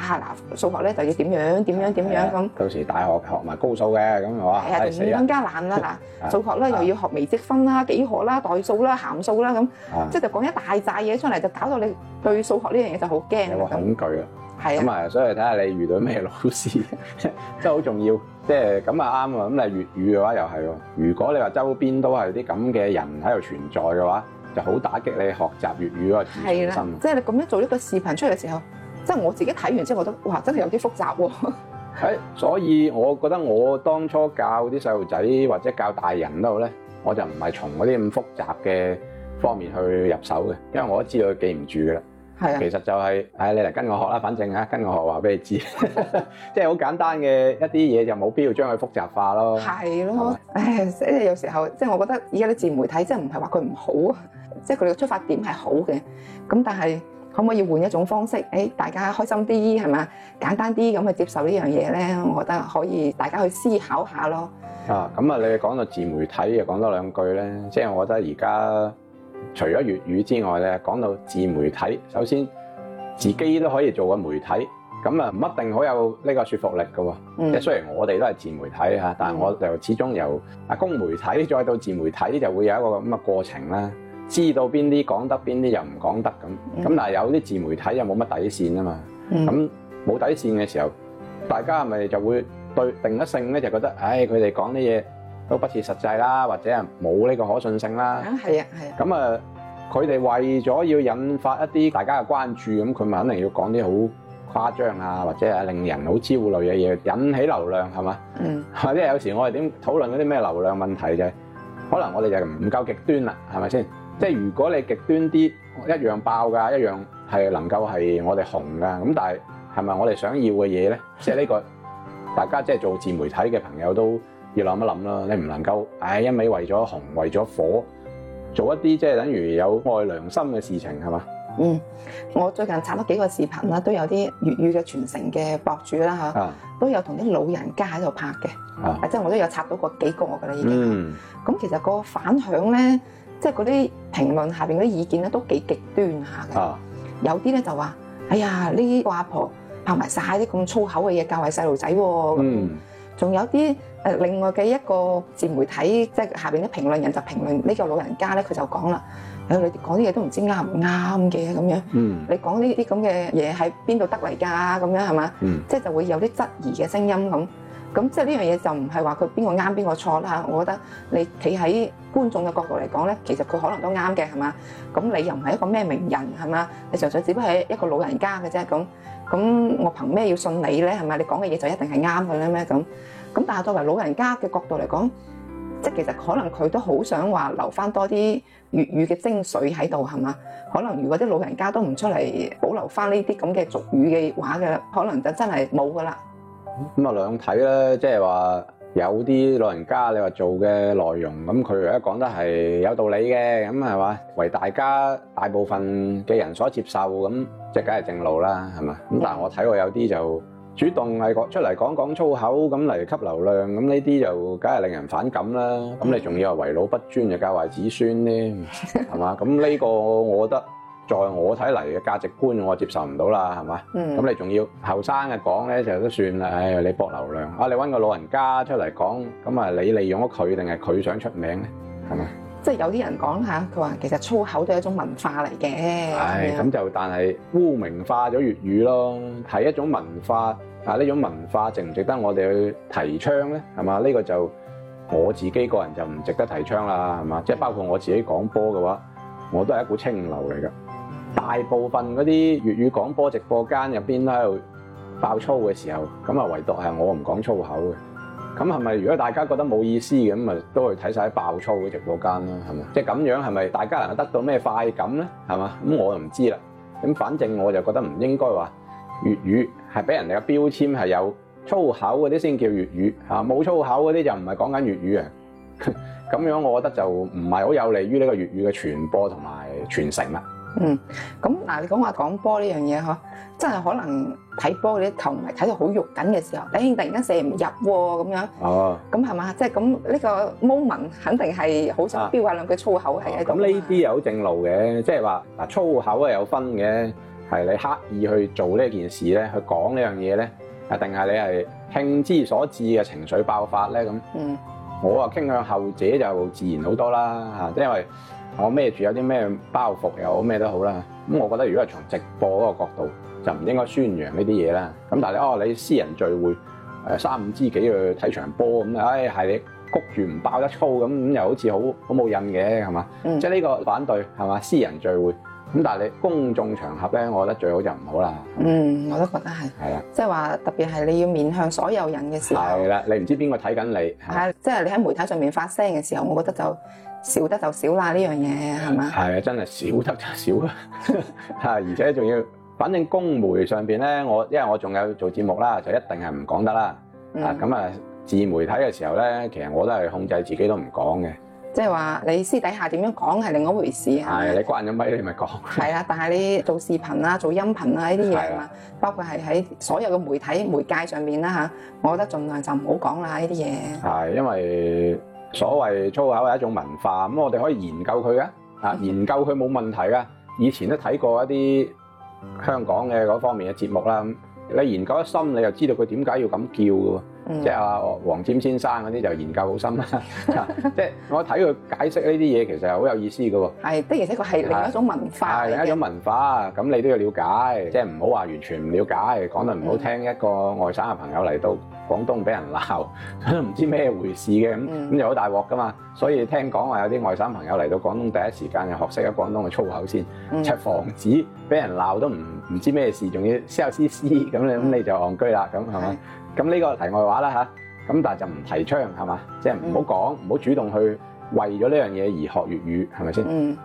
嗱，數學咧就要點樣點樣點樣咁。到時大學學埋高數嘅咁，係嘛？係啊，更加難啦嗱，數學咧又要學微積分啦、幾何啦、代數啦、函數啦咁，即係就講一大扎嘢出嚟，就搞到你對數學呢樣嘢就好驚恐懼啊！係啊，咁啊，所以睇下你遇到咩老師，真係好重要。即係咁啊，啱啊，咁你粵語嘅話又係喎。如果你話周邊都係啲咁嘅人喺度存在嘅話，就好打擊你學習粵語啊！係啦，即係你咁樣做一個視頻出嚟嘅時候，即係我自己睇完之後，覺得哇，真係有啲複雜喎！欸，所以我覺得我當初教啲細路仔或者教大人都好咧，我就唔係從嗰啲咁複雜嘅方面去入手嘅，因為我都知道佢記唔住㗎啦。係啊，其實就係，哎，你嚟跟我學啦，反正啊，跟我學話俾你知，即係好簡單嘅一啲嘢就冇必要將佢複雜化咯。係咯，唉，即係有時候，即係我覺得而家啲自媒體即係唔係話佢唔好啊。即係佢哋嘅出發點係好嘅，咁但係可唔可以換一種方式？誒，大家開心啲係嘛？簡單啲咁去接受呢樣嘢咧，我覺得可以大家去思考下咯。啊，咁啊，你講到自媒體又講多兩句咧，即係我覺得而家除咗粵語之外咧，講到自媒體，首先自己都可以做個媒體，咁啊唔一定好有呢個説服力㗎喎。嗯。即係雖然我哋都係自媒體啊，但係我就始終由啊公媒體再到自媒體，就會有一個咁嘅過程啦。知道邊啲講得邊啲又唔講得咁咁，但係、嗯、有啲自媒體又冇乜底線啊嘛，咁冇、嗯、底線嘅時候，嗯、大家係咪就會對定一性咧？就覺得，唉、哎，佢哋講啲嘢都不切實際啦，或者係冇呢個可信性啦。係啊係啊。咁啊，佢哋、啊啊、為咗要引發一啲大家嘅關注，咁佢咪肯定要講啲好誇張啊，或者係令人好焦慮嘅嘢，引起流量係嘛？嗯。或者 *laughs* 有時我哋點討論嗰啲咩流量問題就係、是，可能我哋就唔夠極端啦，係咪先？即係如果你極端啲，一樣爆㗎，一樣係能夠係我哋紅㗎。咁但係係咪我哋想要嘅嘢咧？即係呢個大家即係做自媒體嘅朋友都要諗一諗啦。你唔能夠唉一味為咗紅為咗火，做一啲即係等於有愛良心嘅事情係嘛？嗯，我最近刷咗幾個視頻啦，都有啲粵語嘅傳承嘅博主啦嚇，啊啊、都有同啲老人家喺度拍嘅，即係、啊、我都有刷到過幾個㗎啦已經。嗯，咁、嗯、其實個反響咧。即係嗰啲評論下邊啲意見咧，都幾極端下嘅。有啲咧就話，哎呀，呢、這個阿婆拍埋晒啲咁粗口嘅嘢教壞細路仔。嗯。仲有啲誒、呃，另外嘅一個自媒體，即係下邊啲評論人就評論呢個老人家咧，佢就講啦，誒、哎，你講啲嘢都唔知啱唔啱嘅咁樣。嗯。你講呢啲咁嘅嘢喺邊度得嚟㗎？咁樣係嘛？嗯。即係就會有啲質疑嘅聲音咁。咁即係呢樣嘢就唔係話佢邊個啱邊個錯啦，我覺得你企喺觀眾嘅角度嚟講咧，其實佢可能都啱嘅係嘛。咁你又唔係一個咩名人係嘛？你純粹只不過係一個老人家嘅啫咁。咁我憑咩要信你咧係嘛？你講嘅嘢就一定係啱嘅咧咩咁？咁但係作為老人家嘅角度嚟講，即係其實可能佢都好想話留翻多啲粵語嘅精髓喺度係嘛？可能如果啲老人家都唔出嚟保留翻呢啲咁嘅俗語嘅話嘅，可能就真係冇㗎啦。咁啊，兩睇啦，即係話有啲老人家你話做嘅內容，咁佢而家講得係有道理嘅，咁係嘛為大家大部分嘅人所接受，咁即係梗係正路啦，係嘛。咁但係我睇過有啲就主動係出嚟講講粗口，咁嚟吸流量，咁呢啲就梗係令人反感啦。咁你仲要係為老不尊，就教壞子孫咧，係嘛？咁呢個我覺得。在我睇嚟嘅價值觀，我接受唔到啦，係嘛？咁、嗯、你仲要後生嘅講咧，就都算啦。唉，你搏流量啊，你揾個老人家出嚟講，咁啊，你利用咗佢定係佢想出名咧？係咪？即係有啲人講下，佢、啊、話其實粗口都係一種文化嚟嘅。唉是，咁吧就但係污名化咗粵語咯，係一種文化啊！呢種文化值唔值得我哋去提倡咧？係嘛？呢、呢個就我自己個人就唔值得提倡啦，係嘛？即係包括我自己講波嘅話，我都係一股清流嚟㗎。大部分嗰啲粵語廣播直播間入邊都喺度爆粗嘅時候，咁啊，唯獨係我唔講粗口嘅。咁係咪如果大家覺得冇意思嘅，咁啊，都去睇晒爆粗嘅直播間啦，係咪？即係咁樣係咪大家能夠得到咩快感咧？係嘛？咁我就唔知啦。咁反正我就覺得唔應該話粵語係俾人哋嘅標籤係有粗口嗰啲先叫粵語嚇，冇粗口嗰啲就唔係講緊粵語啊。咁 *laughs* 樣我覺得就唔係好有利於呢個粵語嘅傳播同埋傳承啦。嗯，咁嗱，你講話講波呢樣嘢嗬，真係可能睇波嗰啲球迷睇到好肉緊嘅時候，你，突然間射唔入咁樣，哦，咁係嘛，即係咁呢個 moment 肯定係好想飚下兩句粗口喺喺度。咁呢啲又好正路嘅，即係話嗱，粗口啊有分嘅，係你刻意去做呢一件事咧，去講呢樣嘢咧，啊，定係你係興之所至嘅情緒爆發咧咁。嗯，我啊傾向後者就自然好多啦，嚇，因為。我孭住有啲咩包袱，又好咩都好啦。咁我覺得，如果係從直播嗰個角度，就唔應該宣揚呢啲嘢啦。咁但係，哦，你私人聚會，誒三五知己去睇場波咁，唉、哎，係你谷住唔爆得粗咁，咁又好似好好冇癮嘅，係嘛？嗯、即係呢個反對係嘛？私人聚會咁，但係你公眾場合咧，我覺得最好就唔好啦。嗯，我都覺得係。係啊的，即係話特別係你要面向所有人嘅時候。係啦，你唔知邊個睇緊你。係，即係、就是、你喺媒體上面發聲嘅時候，我覺得就。少得就少啦，呢樣嘢係嘛？係啊，真係少得就少啊！嚇， *laughs* 而且仲要，反正公媒上邊咧，我因為我仲有做節目啦，就一定係唔講得啦。啊咁、嗯、啊，自媒體嘅時候咧，其實我都係控制自己都唔講嘅。即係話你私底下點樣講係另外一回事。係的的你關咗咪，你咪講。係啊，但係你做視頻啦、做音頻啦呢啲嘢嘛，是的 的包括係喺所有嘅媒體媒介上面啦嚇，我覺得盡量就唔好講啦，呢啲嘢。係因為。所謂粗口係一種文化，咁我哋可以研究佢嘅，啊研究佢冇問題嘅。以前都睇過一啲香港嘅嗰方面嘅節目啦。你研究得深，你就知道佢點解要咁叫嘅。嗯、即係話黃霑先生嗰啲就研究好深啦。 *laughs* 即係我睇佢解釋呢啲嘢，其實係好有意思嘅。係的而且確係另，另一種文化，係另一種文化。咁你都要了解，即係唔好話完全唔了解。講得唔好聽，一個外省嘅朋友嚟到。嗯廣東俾人鬧，都唔知咩回事嘅咁咁又好大鑊噶嘛，所以聽講話有啲外省朋友嚟到廣東，第一時間就學識咗廣東嘅粗口先，防止俾人鬧都唔唔知咩事，仲要 sell C、LC、C 咁你咁、嗯、你就戇居啦，咁係咪？咁呢個題外話啦吓。咁但係就唔提倡係嘛，即係唔好講，唔好主動去為咗呢樣嘢而學粵語，係咪先？嗯，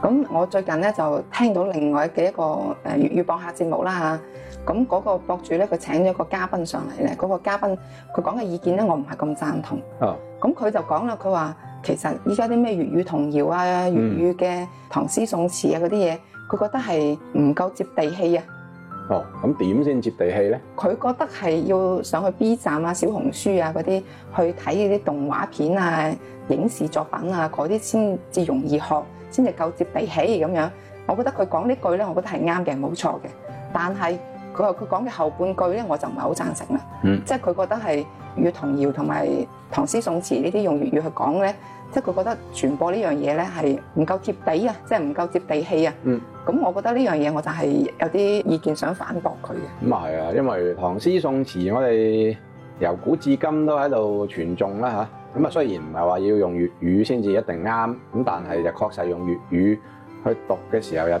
咁我最近咧就聽到另外嘅一個誒粵語播客節目啦嚇。咁嗰個博主咧，佢請咗個嘉賓上嚟咧，嗰、嗰個嘉賓佢講嘅意見咧，我唔係咁贊同。哦，咁佢就講啦，佢話其實依家啲咩粵語童謠啊、粵語嘅唐詩宋詞啊嗰啲嘢，佢覺得係唔夠接地氣啊。哦，咁點先接地氣咧？佢覺得係要上去 B 站啊、小紅書啊嗰啲去睇嗰啲動畫片啊、影視作品啊嗰啲先至容易學，先至夠接地氣咁、啊、樣。我覺得佢講呢句咧，我覺得係啱嘅，冇錯嘅，但係。佢話佢講嘅後半句咧，我就唔係好贊成啦。嗯。即係佢覺得係《月童謠》同埋《唐詩宋詞》呢啲用粵語去講咧，即係佢覺得傳播呢樣嘢咧係唔夠貼地啊，即係唔夠接地氣啊。嗯。咁我覺得呢樣嘢，我就係有啲意見想反駁佢嘅。咁係啊，因為《唐詩宋詞》我哋由古至今都喺度傳頌啦吓，咁啊，雖然唔係話要用粵語先至一定啱，咁但係又確實用粵語去讀嘅時候有。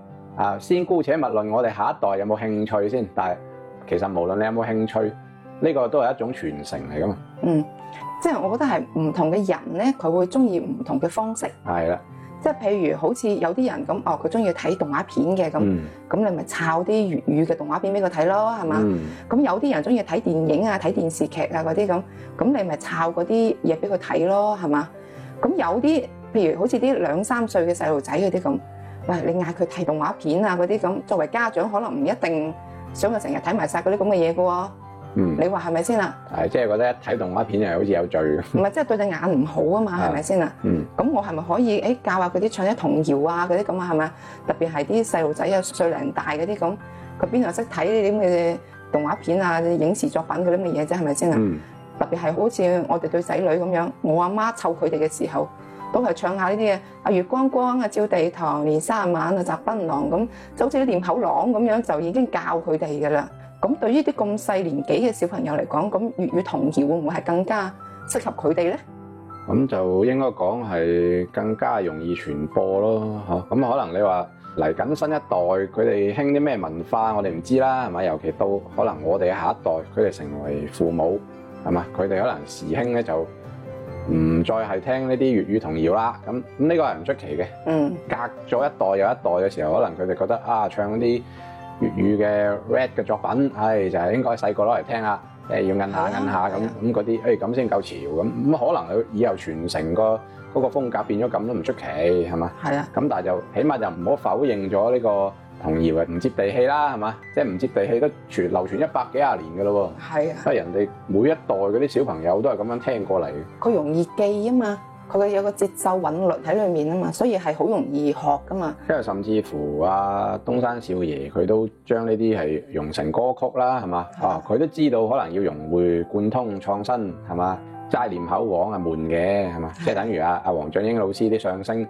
啊！先姑且勿論我哋下一代有冇興趣先，但係其實無論你有冇興趣，呢個都係一種傳承嚟噶嘛。嗯，即係我覺得係唔同嘅人咧，佢會中意唔同嘅方式。係啦，即係譬如好似有啲人咁，哦佢中意睇動畫片嘅咁，咁、嗯、你咪抄啲粵語嘅動畫片俾佢睇咯，係嘛？咁、嗯、有啲人中意睇電影啊、睇電視劇啊嗰啲咁，咁你咪抄嗰啲嘢俾佢睇咯，係嘛？咁有啲譬如好似啲兩三歲嘅細路仔嗰啲咁。喂，你嗌佢睇動畫片啊，嗰啲咁，作為家長可能唔一定想佢成日睇埋晒嗰啲咁嘅嘢噶喎。嗯，你話係咪先啊？係，即係覺得睇動畫片又係好似有罪。唔係，即係對隻眼唔好啊嘛，係咪先啊？吧嗯。咁我係咪可以誒教下佢啲唱啲童謠啊，嗰啲咁啊係咪？特別係啲細路仔啊，歲零大嗰啲咁，佢邊度識睇呢啲咁嘅動畫片啊、影視作品嗰啲咁嘢啫，係咪先啊？嗯。特別係好似我哋對仔女咁樣，我阿媽湊佢哋嘅時候。都係唱下呢啲啊，阿月光光啊，照地堂，年卅晚啊，摘檳榔咁，就好似唸口朗咁樣，就已經教佢哋噶啦。咁對於啲咁細年紀嘅小朋友嚟講，咁粵語童謠會唔會係更加適合佢哋咧？咁就應該講係更加容易傳播咯，嚇。咁可能你話嚟緊新一代，佢哋興啲咩文化，我哋唔知啦，係咪？尤其到可能我哋嘅下一代，佢哋成為父母，係嘛？佢哋可能時興咧就。唔、嗯、再係聽呢啲粵語童謠啦，咁咁呢個係唔出奇嘅。嗯，嗯隔咗一代又一代嘅時候，可能佢哋覺得啊，唱啲粵語嘅 rap 嘅作品，唉、哎，就係、是、應該細個攞嚟聽啊，誒要印下印的下咁，咁嗰啲，誒咁先夠潮咁，咁、嗯嗯、可能以後傳承、那個嗰、那個風格變咗咁都唔出奇，係嘛？係啊的。咁、嗯、但係就起碼就唔好否認咗呢、這個。童謠啊，唔接地氣啦，係嘛？即係唔接地氣都傳、流傳一百幾廿年嘅咯。係啊，所以人哋每一代嗰啲小朋友都係咁樣聽過嚟。佢容易記啊嘛，佢嘅有個節奏韻律喺裡面啊嘛，所以係好容易學噶嘛。因為甚至乎阿、啊、東山少爺佢都將呢啲係融成歌曲啦，係嘛？啊，佢、啊、都知道可能要融會貫通創新，係嘛？齋念口簧係悶嘅，係嘛？即係、啊、等於阿阿黃俊英老師啲相聲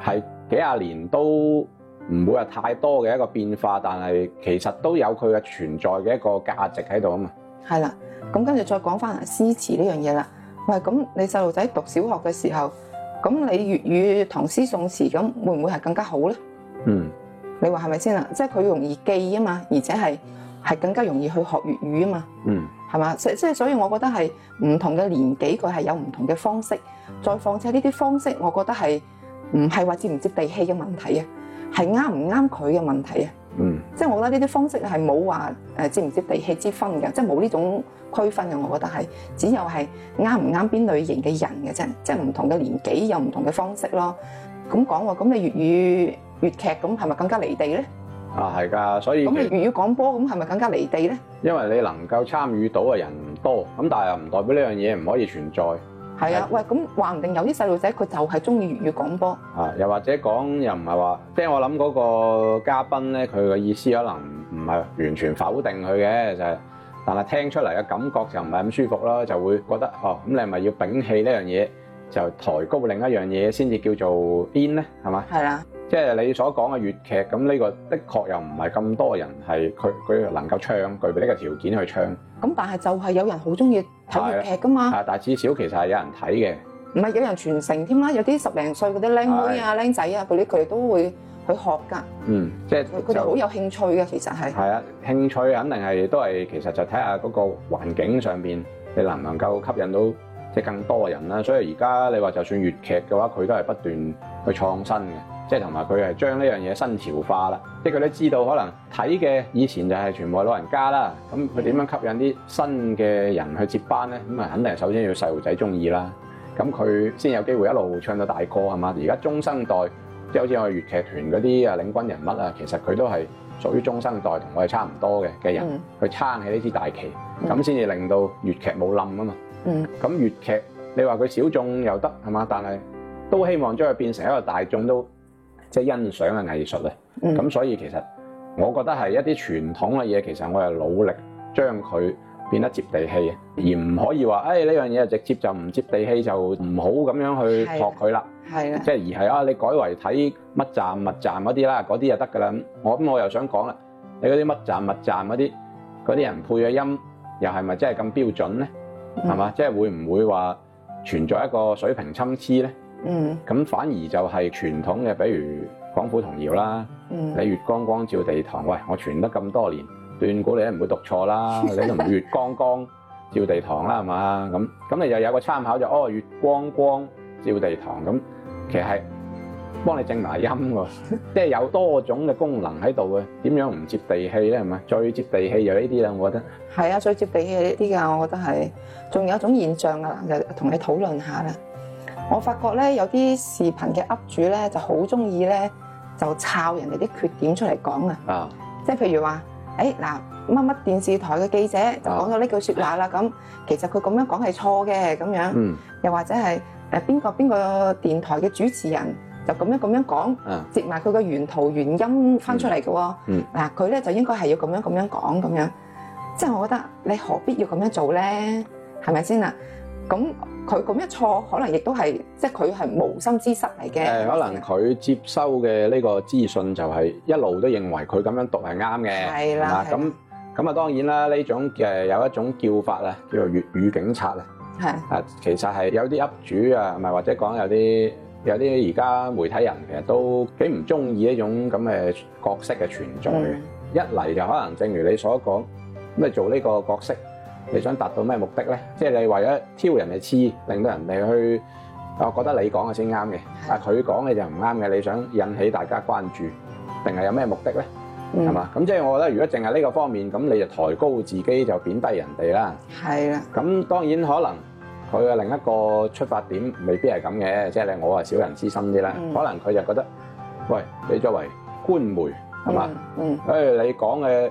係幾廿年都，唔會有太多嘅一個變化，但係其實都有佢嘅存在嘅一個價值喺度啊嘛。係啦，咁跟住再講翻啊詩詞呢樣嘢啦。喂，咁你細路仔讀小學嘅時候，咁你粵語唐詩宋詞咁會唔會係更加好咧？嗯，你話係咪先啦？即係佢容易記啊嘛，而且係係更加容易去學粵語啊嘛。嗯，係嘛？即即係所以，所以我覺得係唔同嘅年紀，佢係有唔同嘅方式。再況且呢啲方式，我覺得係唔係話接唔接地氣嘅問題啊？係啱唔啱佢嘅問題啊！嗯，即係我覺得呢啲方式係冇話誒接唔接地氣之分嘅，即係冇呢種區分嘅。我覺得係只有係啱唔啱邊類型嘅人嘅啫，即係唔同嘅年紀有唔同嘅方式咯。咁講喎，咁你粵語粵劇咁係咪更加離地咧？啊，係㗎，所以咁你粵語廣播咁係咪更加離地咧？因為你能夠參與到嘅人唔多，咁但係又唔代表呢樣嘢唔可以存在。係啊，喂，咁話唔定有啲細路仔佢就係中意粵語廣播啊，又或者講又唔係話，即係我諗嗰個嘉賓咧，佢個意思可能唔唔係完全否定佢嘅，就係但係聽出嚟嘅感覺就唔係咁舒服啦，就會覺得哦，咁你係咪要摒棄呢樣嘢，就抬高另一樣嘢先至叫做 in 咧，係嘛？係啊，即係你所講嘅粵劇，咁呢個的確又唔係咁多人係佢佢能夠唱，具備呢個條件去唱。咁、嗯、但係就係有人好中意。睇粵劇噶嘛？係，的的但係至少其實係有人睇嘅。唔係有人傳承添啦，有啲十零歲嗰啲靚妹啊、靚仔啊嗰啲，佢哋都會去學㗎。嗯，即係佢哋好有興趣嘅，其實係。係啊的，興趣肯定係都係，其實就睇下嗰個環境上邊，你能唔能夠吸引到即係更多嘅人啦。所以而家你話就算粵劇嘅話，佢都係不斷去創新嘅。即係同埋佢係將呢樣嘢新潮化啦，即係佢都知道可能睇嘅以前就係全部係老人家啦，咁佢點樣吸引啲新嘅人去接班咧？咁啊，肯定係首先要細路仔中意啦，咁佢先有機會一路唱到大歌係嘛？而家中生代，即係好似我哋粵劇團嗰啲啊領軍人物啊，其實佢都係屬於中生代，同我哋差唔多嘅嘅人，嗯、去撐起呢支大旗，咁先至令到粵劇冇冧啊嘛。咁粵、嗯、劇你話佢小眾又得係嘛？但係都希望將佢變成一個大眾都。即係欣賞嘅藝術啊！咁、嗯、所以其實我覺得係一啲傳統嘅嘢，其實我係努力將佢變得接地氣，而唔可以話，誒呢樣嘢直接就唔接地氣就唔好咁樣去託佢啦。係啊，即係而係啊，你改為睇乜站乜站嗰啲啦，嗰啲就得㗎啦。咁我咁我又想講啦，你嗰啲乜站乜站嗰啲嗰啲人配嘅音，又係咪真係咁標準咧？係嘛、嗯，即係會唔會話存在一個水平參差咧？嗯，咁反而就係傳統嘅，比如廣府童謠啦，嗯，你月光光照地堂，喂，我傳得咁多年，斷估你都唔會讀錯啦， *laughs* 你都唔月光光照地堂啦，係嘛，咁，咁你又有個參考就是，哦，月光光照地堂，咁、嗯、其實係幫你正埋音㗎，即係 *laughs* 有多種嘅功能喺度嘅，點樣唔接地氣咧？係嘛，最接地氣就呢啲啦，我覺得係啊，最接地氣呢啲噶，我覺得係，仲有一種現象噶，就同你討論下啦。我發覺咧，有啲視頻嘅 up 主咧就好中意咧就抄人哋啲缺點出嚟講啊！即係譬如話，誒嗱乜乜電視台嘅記者就講咗呢句說話啦，咁、啊、其實佢咁樣講係錯嘅咁樣，嗯、又或者係誒邊個邊個電台嘅主持人就咁樣咁樣講，啊、接埋佢個原圖原音翻出嚟嘅喎。嗱佢咧就應該係要咁樣咁樣講咁樣，咁樣，即係我覺得你何必要咁樣做咧？係咪先啊？咁。佢咁一錯，可能亦都係即係佢係無心之失嚟嘅。誒，可能佢接收嘅呢個資訊就係一路都認為佢咁樣讀係啱嘅。係啦的。咁咁啊，的當然啦，呢種誒有一種叫法啊，叫做粵語警察啊。係的。啊，其實係有啲 up 主啊，唔係或者講有啲有啲而家媒體人其實都幾唔中意一種咁嘅角色嘅存在嘅。嗯、一嚟就可能正如你所講，咁做呢個角色。你想達到咩目的咧？即係你為咗挑人哋刺，令到人哋去，我覺得你講嘅先啱嘅，的但係佢講嘅就唔啱嘅。你想引起大家關注，定係有咩目的咧？係嘛、嗯？咁即係我覺得，如果淨係呢個方面，咁你就抬高自己，就貶低人哋啦。係啦的。咁當然可能佢嘅另一個出發點未必係咁嘅，即係你我係小人之心啲啦。嗯、可能佢就覺得，喂，你作為官媒係嘛、嗯？嗯。誒，你講嘅。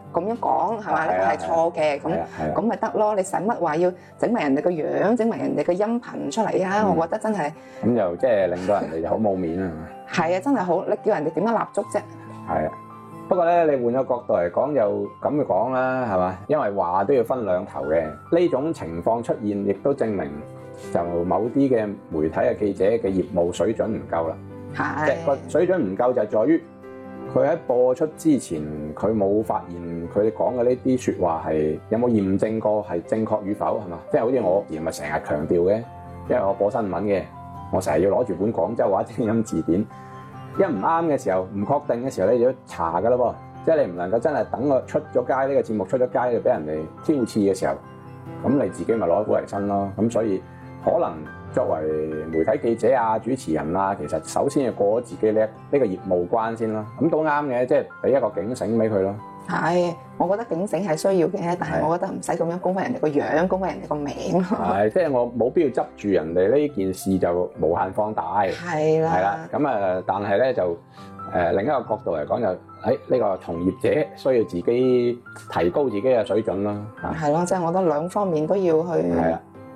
咁樣講係嘛？呢個係錯嘅，咁咁咪得咯？你使乜話要整埋人哋個樣，整埋人哋個音頻出嚟啊？我覺得真係咁就即係令到人哋好冇面啊！係啊，真係好，你叫人哋點樣立足啫？係啊，不過咧，你換個角度嚟講，又咁講啦，係嘛？因為話都要分兩頭嘅。呢種情況出現，亦都證明就某啲嘅媒體嘅記者嘅業務水準唔夠啦。係個水準唔夠就係在於。佢喺播出之前，佢冇發現，佢講嘅呢啲説話係有冇驗證過係正確與否係嘛？即係好似我而咪成日強調嘅，因為我播新聞嘅，我成日要攞住本廣州話拼音字典，一唔啱嘅時候，唔確定嘅時候你就要查嘅咯噃。即係你唔能夠真係等佢出咗街呢、呢個節目出咗街就俾人哋挑刺嘅時候，咁你自己咪攞苦嚟身咯。咁所以可能。作為媒體記者啊、主持人啊，其實首先要過咗自己叻呢個業務關先咯。咁都啱嘅，即係俾一個警醒俾佢咯。係，我覺得警醒係需要嘅，但係我覺得唔使咁樣公開人哋個樣，公開人哋個名。係，即係我冇必要執住人哋呢件事就無限放大。係啦，係啦。咁啊，但係咧就誒另一個角度嚟講就喺呢個從業者需要自己提高自己嘅水準啦。係咯，即係我覺得兩方面都要去。係啦。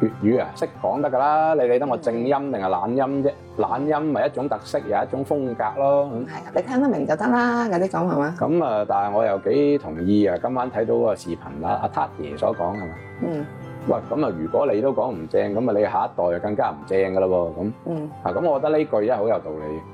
粵語啊，識講得噶啦，你理得我正音定係懶音啫，懶音咪一種特色，有一種風格咯。係啊，你聽得明就得啦，有啲講係嘛？咁啊、嗯，但係我又幾同意啊，今晚睇到個視頻啦，阿塔爺所講係嘛？嗯。喂，咁啊，如果你都講唔正，咁啊，你下一代就更加唔正噶嘞喎，咁、嗯啊。嗯。啊，咁我覺得呢句咧好有道理。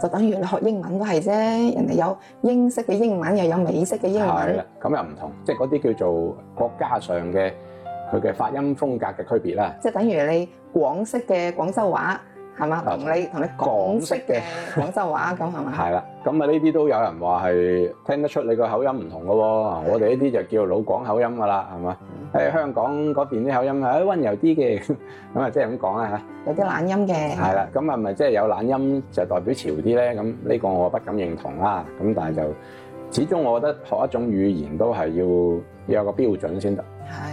就等於你學英文都係啫，人哋有英式嘅英文又有美式嘅英文，係啦，咁又唔同，即係嗰啲叫做國家上嘅佢嘅發音風格嘅區別啦。即係等於你廣式嘅廣州話係嘛，同你同你港式嘅廣州話咁係嘛？係啦，咁啊呢啲都有人話係聽得出你個口音唔同嘅喎，我哋呢啲就叫老廣口音噶啦，係嘛？喺香港嗰邊啲口音啊，係温柔啲嘅，咁啊即係咁講啦嚇。有啲懶音嘅。係啦，咁啊咪即係有懶音就代表潮啲咧，咁呢個我不敢認同啦。咁但係就始終我覺得學一種語言都係要要有個標準先得，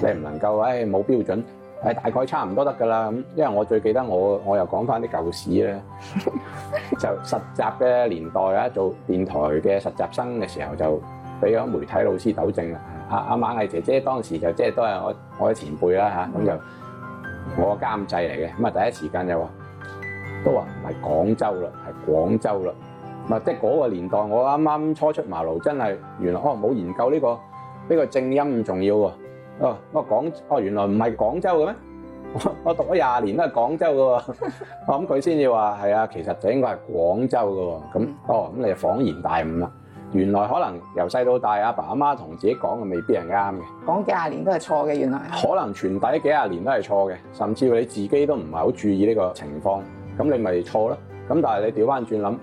你唔能夠誒冇標準，誒大概差唔多得㗎啦。咁因為我最記得我我又講翻啲舊事咧，就實習嘅年代啊，做電台嘅實習生嘅時候就。俾咗媒體老師糾正啦，阿阿馬藝姐姐當時就即係都係我我嘅前輩啦嚇，咁就我監製嚟嘅，咁啊第一時間就話都話唔係廣州啦，係廣州啦，咪即係嗰個年代我啱啱初出茅廬，真係原來哦冇研究呢個呢個正音咁重要喎，哦我廣哦原來唔係廣州嘅咩？我我讀咗廿年都係廣州嘅喎，我諗佢先至話係啊，其實就應該係廣州嘅喎，咁哦咁你就恍然大悟啦。原來可能由細到大，阿爸阿媽同自己講嘅未必係啱嘅，講幾廿年都係錯嘅。原來可能傳遞幾廿年都係錯嘅，甚至乎你自己都唔係好注意呢個情況，咁你咪錯咯。咁但係你調翻轉諗，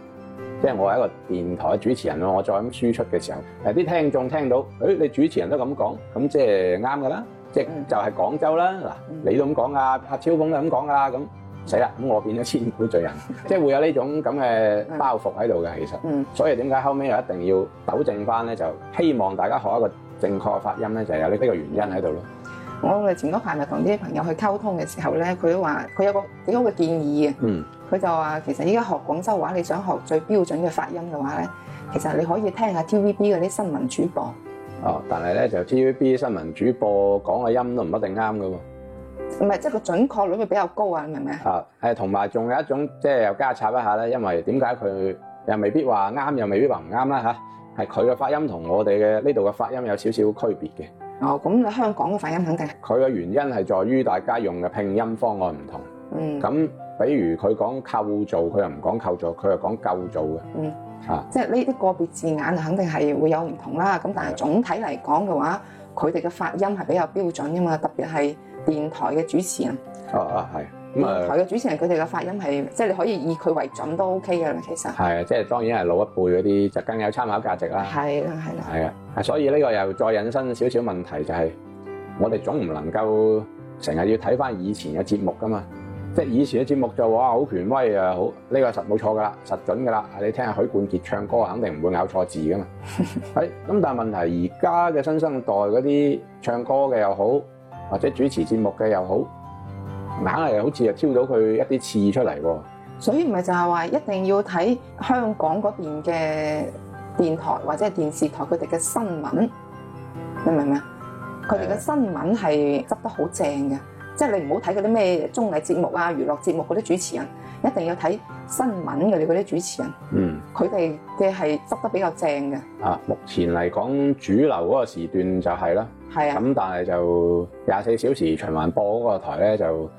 即係我係一個電台主持人咯，我再咁輸出嘅時候，誒啲聽眾聽到，誒、哎、你主持人都咁講，咁即係啱㗎啦，即就係廣州啦，嗱、嗯、你都咁講啊，阿超峯都咁講啊。咁。死啦！咁我變咗千古罪人， *laughs* 即係會有呢種咁嘅包袱喺度嘅，其實。嗯。所以點解後尾又一定要糾正翻咧？就希望大家學一個正確發音咧，就係、有呢幾個原因喺度咯。我哋前嗰排咪同啲朋友去溝通嘅時候咧，佢都話佢有個幾好嘅建議嘅。嗯。佢就話其實依家學廣州話，你想學最標準嘅發音嘅話咧，其實你可以聽下 TVB 嗰啲新聞主播。嗯、哦，但係咧就 TVB 新聞主播講嘅音都唔一定啱嘅喎。唔係，即係個準確率會比較高啊！你明唔明啊？啊，誒同埋仲有一種即係又加插一下咧，因為點解佢又未必話啱，又未必話唔啱啦嚇？係佢嘅發音同我哋嘅呢度嘅發音有少少區別嘅。哦，咁香港嘅發音肯定佢嘅原因係在於大家用嘅拼音方案唔同。嗯。咁，比如佢講構造，佢又唔講構造，佢又講構造嘅。嗯。嚇、啊！即係呢啲個別字眼肯定係會有唔同啦。咁但係總體嚟講嘅話，佢哋嘅發音係比較標準㗎嘛，特別係。電台嘅主持人，哦哦，係，咁啊、嗯、電台嘅主持人佢哋嘅發音係，即係你可以以佢為準都 OK 嘅啦，其實係啊，即係當然係老一輩嗰啲就更有參考價值啦，係啦係啦，係啊，所以呢個又再引申少少問題就係、是，我哋總唔能夠成日要睇翻以前嘅節目噶嘛，即係以前嘅節目就話好權威啊，好呢、這個實冇錯噶啦，實準噶啦，你聽下許冠傑唱歌肯定唔會咬錯字噶嘛，係咁 *laughs* 但係問題而家嘅新生代嗰啲唱歌嘅又好。或者主持節目嘅又好，硬係好似係挑到佢一啲刺出嚟喎。所以唔係就係話一定要睇香港嗰邊嘅電台或者係電視台佢哋嘅新聞，明唔明啊？佢哋嘅新聞係執得好正嘅，的即係你唔好睇嗰啲咩綜藝節目啊、娛樂節目嗰啲主持人，一定要睇新聞佢哋嗰啲主持人。嗯，佢哋嘅係執得比較正嘅。啊，目前嚟講主流嗰個時段就係啦。係咁，啊、但係就廿四小時循環播嗰個台咧，就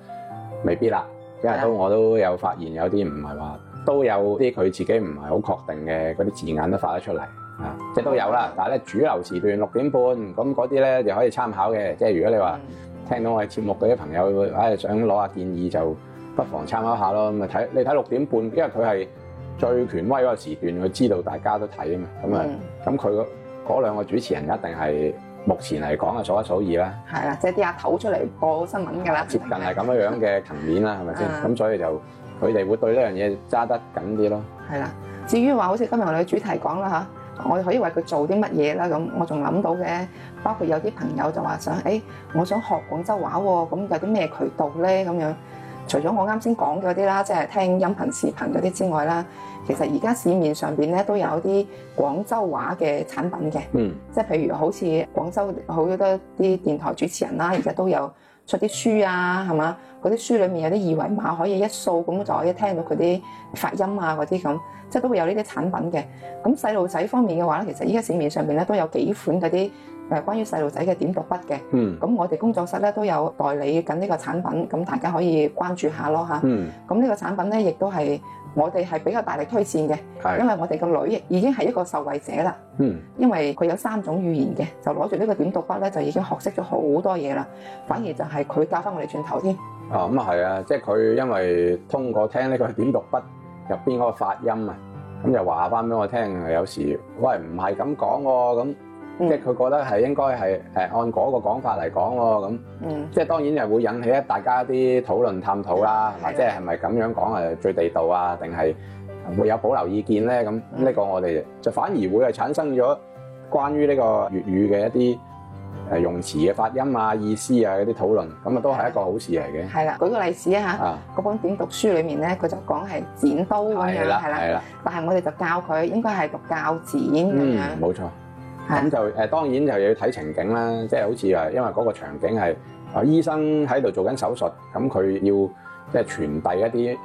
未必啦。啊、因為都我都有發現有，有啲唔係話都有啲佢自己唔係好確定嘅嗰啲字眼都發得出嚟啊，即係都有啦。嗯、但係咧主流時段六點半咁嗰啲咧就可以參考嘅。即係如果你話聽到我哋節目嗰啲朋友誒想攞下建議，就不妨參考下咯。咁啊睇你睇六點半，因為佢係最權威嗰個時段，佢知道大家都睇啊嘛。咁啊咁佢嗰嗰兩個主持人一定係。目前嚟講啊，數一數二啦。係啦，即係啲阿頭出嚟播新聞㗎啦。接近係咁樣樣嘅層面啦，係咪先？咁所以就佢哋會對呢樣嘢揸得緊啲咯。係啦，至於話好似今日我哋嘅主題講啦嚇，我哋可以為佢做啲乜嘢啦？咁我仲諗到嘅，包括有啲朋友就話想，誒、欸，我想學廣州話喎，咁有啲咩渠道咧？咁樣。除咗我啱先講嗰啲啦，即係聽音頻視頻嗰啲之外啦，其實而家市面上邊咧都有啲廣州話嘅產品嘅，嗯、即係譬如好似廣州好多啲電台主持人啦、啊，而家都有出啲書啊，係嘛？嗰啲書裡面有啲二維碼可以一掃咁就可以聽到佢啲發音啊，嗰啲咁，即係都會有呢啲產品嘅。咁細路仔方面嘅話咧，其實而家市面上邊咧都有幾款嗰啲。係關於細路仔嘅點讀筆嘅，咁、嗯、我哋工作室咧都有代理緊呢個產品，咁大家可以關注下咯嚇。咁呢、嗯啊、個產品咧，亦都係我哋係比較大力推薦嘅，係因為我哋個女已經係一個受惠者啦。嗯、因為佢有三種語言嘅，就攞住呢個點讀筆咧，就已經學識咗好多嘢啦。反而就係佢教翻我哋轉頭添。啊、哦，咁啊係啊，即係佢因為通過聽呢個點讀筆入邊嗰個發音啊，咁就話翻俾我聽啊，有時喂，唔係咁講喎咁。即係佢覺得係應該係誒按嗰個講法嚟講喎，咁即係當然又會引起大家一啲討論探討啦，嗱即係係咪咁樣講係最地道啊？定係會有保留意見咧？咁呢個我哋就反而會係產生咗關於呢個粵語嘅一啲誒用詞嘅發音啊、意思啊嗰啲討論，咁啊都係一個好事嚟嘅。係啦，舉個例子啊嚇，嗰本點讀書裡面咧，佢就講係剪刀咁樣，係啦，係啦，但係我哋就教佢應該係讀鉸剪咁樣，冇錯。咁、嗯、就誒、呃，當然就要睇情景啦，即、就、係、是、好似啊，因為嗰個場景係啊、呃，醫生喺度做緊手術，咁佢要即係傳遞一啲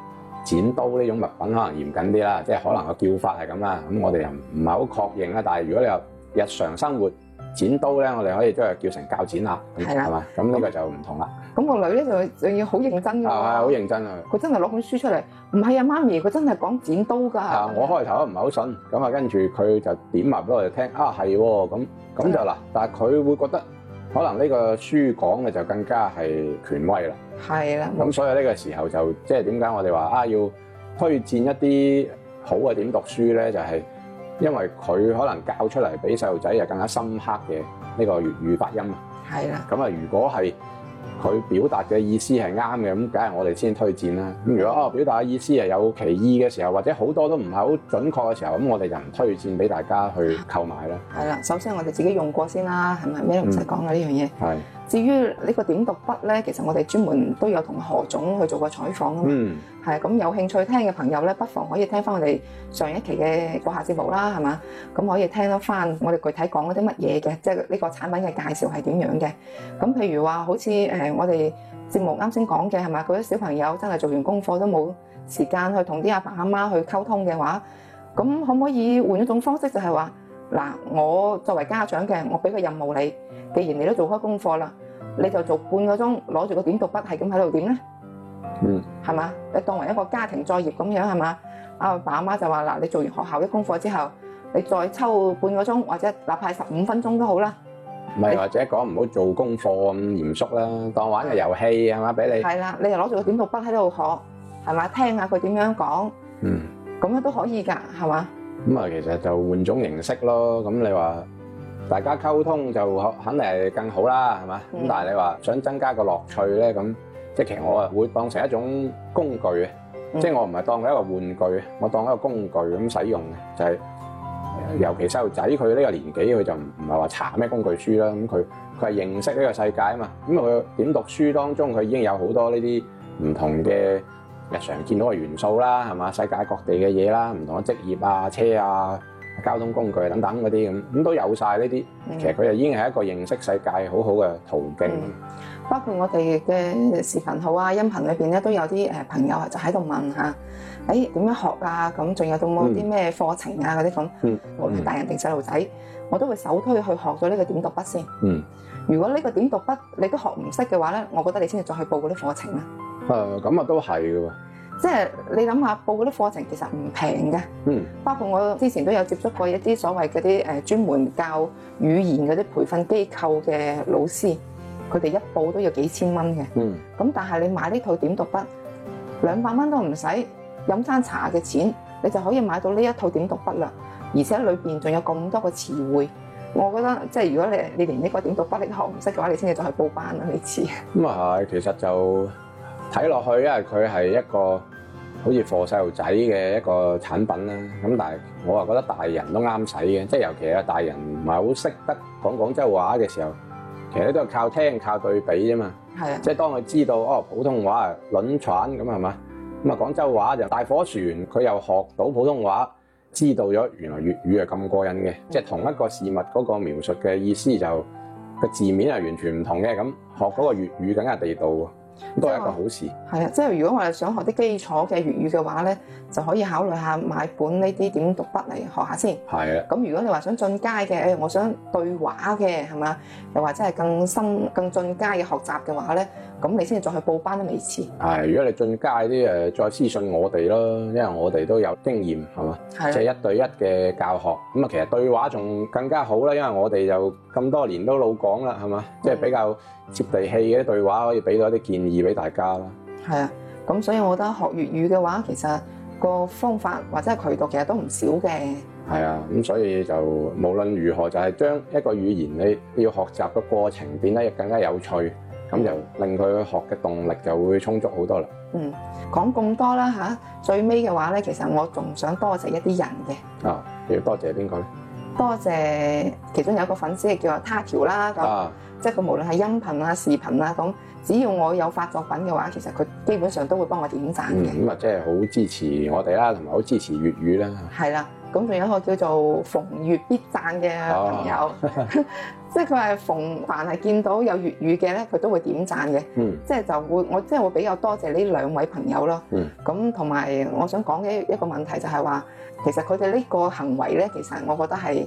剪刀呢種物品，可能嚴謹啲啦，即、就、係、是、可能個叫法係咁啦，咁我哋又唔係好確認啦。但係如果你有日常生活剪刀咧，我哋可以將佢叫成鉸剪啊，係嘛？咁呢的個就唔同啦。嗯咁個女咧就仲要好認真喎，係好認真啊！佢真係攞本書出嚟，唔係啊媽咪，佢真係講剪刀㗎吧吧。啊！我開頭都唔係好信，咁啊跟住佢就點話俾我哋聽啊係喎，咁咁就啦，但係佢會覺得可能呢個書講嘅就更加係權威啦，係啦、啊。咁所以呢個時候就即係點解我哋話啊要推薦一啲好嘅點讀書咧？就係、是、因為佢可能教出嚟俾細路仔就更加深刻嘅呢個粵語發音啊，係啦。咁啊如果係佢表達嘅意思係啱嘅，咁梗係我哋先推薦啦。咁如果啊、哦、表達嘅意思係有歧義嘅時候，或者好多都唔係好準確嘅時候，咁我哋就唔推薦俾大家去購買啦。係啦，首先我哋自己用過先啦，係咪咩都唔使講啦呢樣嘢？係。至於呢個點讀筆咧，其實我哋專門都有同何總去做過採訪啊嗯。係咁，有興趣聽嘅朋友咧，不妨可以聽翻我哋上一期嘅播客節目啦，係嘛？咁可以聽得翻我哋具體講嗰啲乜嘢嘅，即係呢個產品嘅介紹係點樣嘅。咁譬如話，好似誒。我哋節目啱先講嘅係嘛，佢啲小朋友真係做完功課都冇時間去同啲阿爸阿媽去溝通嘅話，咁可唔可以換一種方式就？就係話嗱，我作為家長嘅，我俾個任務你，既然你都做開功課啦，你就做半個鐘，攞住個點讀筆係咁喺度點啦，嗯，係嘛，你當為一個家庭作業咁樣係嘛，阿爸阿媽就話嗱，你做完學校嘅功課之後，你再抽半個鐘或者哪怕十五分鐘都好啦。唔係或者講唔好做功課咁嚴肅啦，當玩個遊戲係嘛俾你。係啦，你又攞住個點讀筆喺度學，係嘛，聽下佢點樣講。嗯，咁樣都可以噶，係嘛？咁啊，其實就換種形式咯。咁你話大家溝通就肯定係更好啦，係嘛？咁但係你話想增加個樂趣咧，咁即係其實我啊會當成一種工具嘅，即係我唔係當佢一個玩具，我當一個工具咁使用嘅，就係。尤其細路仔佢呢個年紀，佢就唔唔係話查咩工具書啦，咁佢佢係認識呢個世界啊嘛，咁佢點讀書當中，佢已經有好多呢啲唔同嘅日常見到嘅元素啦，係嘛？世界各地嘅嘢啦，唔同嘅職業啊、車啊、交通工具等等嗰啲咁，咁都有晒。呢啲的，其實佢就已經係一個認識世界好好嘅途徑。包括我哋嘅視頻號啊、音頻裏邊咧，都有啲誒朋友就喺度問下：誒「誒點樣學啊？咁仲有有冇啲咩課程啊？」嗰啲咁，無論大人定細路仔，我都會首推去學咗呢個點讀筆先。嗯。如果呢個點讀筆你都學唔識嘅話咧，我覺得你先至再去報嗰啲課程啊。誒，咁啊都係嘅喎。即係你諗下，報嗰啲課程其實唔平嘅。嗯。包括我之前都有接觸過一啲所謂嗰啲誒專門教語言嗰啲培訓機構嘅老師。佢哋一報都要幾千蚊嘅，咁、嗯、但係你買呢套點讀筆，兩百蚊都唔使，飲餐茶嘅錢，你就可以買到呢一套點讀筆啦。而且裏邊仲有咁多個詞彙，我覺得即係如果你你連呢個點讀筆都學唔識嘅話，你先至就去報班啦呢次。咁啊係，其實就睇落去，因為佢係一個好似畀細路仔嘅一個產品啦。咁但係我又覺得大人都啱使嘅，即係尤其啊大人唔係好識得講廣州話嘅時候其實都係靠聽、靠對比啫嘛，係啊的，即係當佢知道哦，普通話啊，輪船咁係嘛，咁啊廣州話就大火船，佢又學到普通話，知道咗原來粵語係咁過癮嘅，的即係同一個事物嗰個描述嘅意思就個字面係完全唔同嘅，咁學嗰個粵語梗係地道喎，的都係一個好事。係啊，即係如果我哋想學啲基礎嘅粵語嘅話咧。就可以考慮下買本呢啲點讀筆嚟學下先。係啊。咁如果你話想進階嘅，誒，我想對話嘅，係嘛？又或者係更深、更進階嘅學習嘅話咧，咁你先至再去報班都未遲。係，如果你進階啲誒，再私信我哋咯，因為我哋都有經驗，係嘛？係。即係一對一嘅教學，咁啊，其實對話仲更加好啦，因為我哋就咁多年都老講啦，係嘛？即係比較接地氣嘅對話，可以俾到一啲建議俾大家啦。係啊，咁所以我覺得學粵語嘅話，其實個方法或者係渠道，其實都唔少嘅，係啊，咁所以就無論如何就係、是、將一個語言你要學習嘅過程變得更加有趣，咁就令佢學嘅動力就會充足好多啦。嗯，講咁多啦吓，最尾嘅話咧，其實我仲想多謝一啲人嘅。啊，要多謝邊個咧？多謝其中有一個粉絲係叫做他條啦，咁即係佢無論係音頻啊、視頻啊咁。只要我有發作品嘅話，其實佢基本上都會幫我點贊嘅。咁啊、嗯，即係好支持我哋啦，同埋好支持粵語啦。係啦，咁仲有一個叫做逢粵必贊嘅朋友，哦、 *laughs* *laughs* 即係佢係逢凡係見到有粵語嘅咧，佢都會點贊嘅。嗯，即係就會我即係會比較多謝呢兩位朋友咯。嗯，咁同埋我想講嘅一個問題就係話，其實佢哋呢個行為咧，其實我覺得係。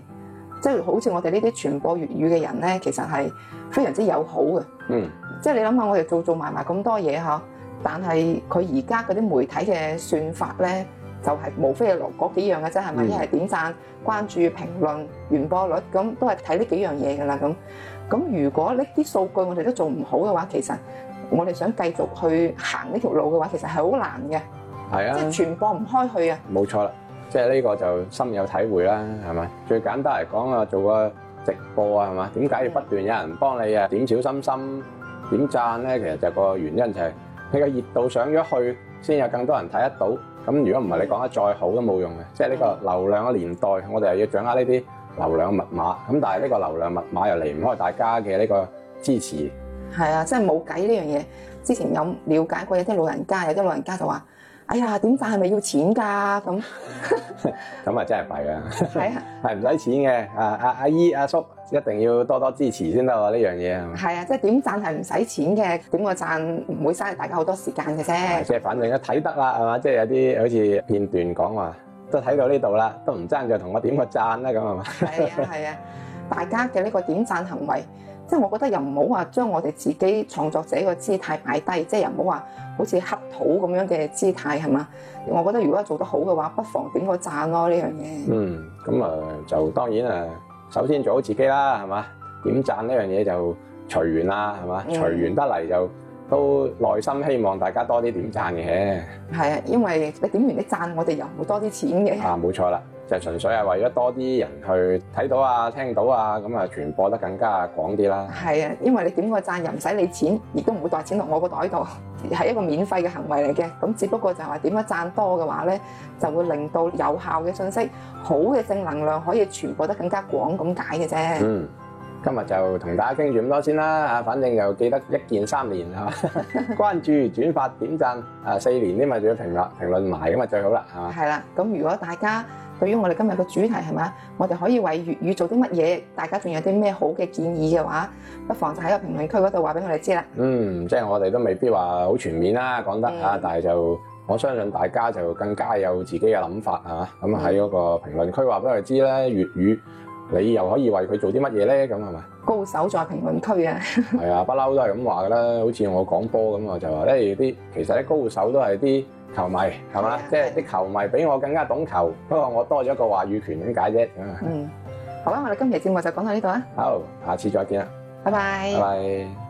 即係好似我哋呢啲傳播粵語嘅人咧，其實係非常之友好嘅。嗯，想想，即係你諗下，我哋做做埋埋咁多嘢呵，但係佢而家嗰啲媒體嘅算法咧，就係、是、無非係攞嗰幾樣嘅啫，係咪？一係、嗯、點讚、關注、評論、完播率，咁都係睇呢幾樣嘢㗎啦。咁咁，如果呢啲數據我哋都做唔好嘅話，其實我哋想繼續去行呢條路嘅話，其實係好難嘅。係是啊，即係傳播唔開去啊。冇錯啦。即係呢個就深有體會啦，係咪？最簡單嚟講啊，做個直播啊，係嘛？點解要不斷有人幫你啊點小心心點讚咧？其實就個原因就係你個熱度上咗去，先有更多人睇得到。咁如果唔係，你講得再好都冇用嘅。即係呢個流量嘅年代，我哋又要掌握呢啲流量密碼。咁但係呢個流量密碼又離唔開大家嘅呢個支持。係啊，真係冇計呢樣嘢。之前有了解過，有啲老人家，有啲老人家就話。哎呀，點贊係咪要錢噶咁？咁 *laughs* 啊 *laughs* 真係弊啊！係啊， *laughs* 係唔使錢嘅啊！阿阿姨、阿、啊、叔一定要多多支持先得喎呢樣嘢啊！係啊，即係點贊係唔使錢嘅，點個贊唔會嘥大家好多時間嘅啫。即係、啊就是、反正一睇得啦，係嘛？即、就、係、是、有啲好似片段講話都睇到呢度啦，都唔爭就同我點個贊啦咁啊嘛！係啊係啊，大家嘅呢個點贊行為。即係我覺得又唔好話將我哋自己創作者個姿態擺低，即係又唔好話好似乞討咁樣嘅姿態係嘛？我覺得如果做得好嘅話，不妨點個贊咯呢樣嘢，嗯。嗯，咁啊就當然啊，首先做好自己啦，係嘛？點贊呢樣嘢就隨緣啦，係嘛？嗯、隨緣得嚟就都耐心希望大家多啲點贊嘅。係啊，因為你點完啲贊，我哋又唔會多啲錢嘅。啊，冇錯啦。就係純粹係為咗多啲人去睇到啊、聽到啊，咁啊傳播得更加廣啲啦。係啊，因為你點個贊又唔使你錢，亦都唔會袋錢落我個袋度，係一個免費嘅行為嚟嘅。咁只不過就係話點樣贊多嘅話咧，就會令到有效嘅信息、好嘅正能量可以傳播得更加廣咁解嘅啫。嗯，今日就同大家傾住咁多先啦。啊，反正又記得一鍵三連啊，關注、轉發、點贊啊，四連添嘛，仲要評論評論埋咁啊，最好啦，係嘛？係啦，咁如果大家～對於我哋今日個主題係嘛，我哋可以為粵語做啲乜嘢？大家仲有啲咩好嘅建議嘅話，不妨就喺個評論區嗰度話俾我哋知啦。嗯，即係我哋都未必話好全面啦，講得啊，但係就我相信大家就更加有自己嘅諗法係嘛，咁喺嗰個評論區話俾我哋知啦。粵語你又可以為佢做啲乜嘢咧？咁係咪？高手在評論區啊！係啊，不嬲都係咁話㗎啦。好似我講波咁啊，我就話咧啲其實啲高手都係啲。球迷係嘛，即係啲球迷比我更加懂球，不過我多咗一個話語權點解啫？嗯，好啦，我哋今期節目就講到呢度啦。好，下次再見啊，拜拜，拜拜。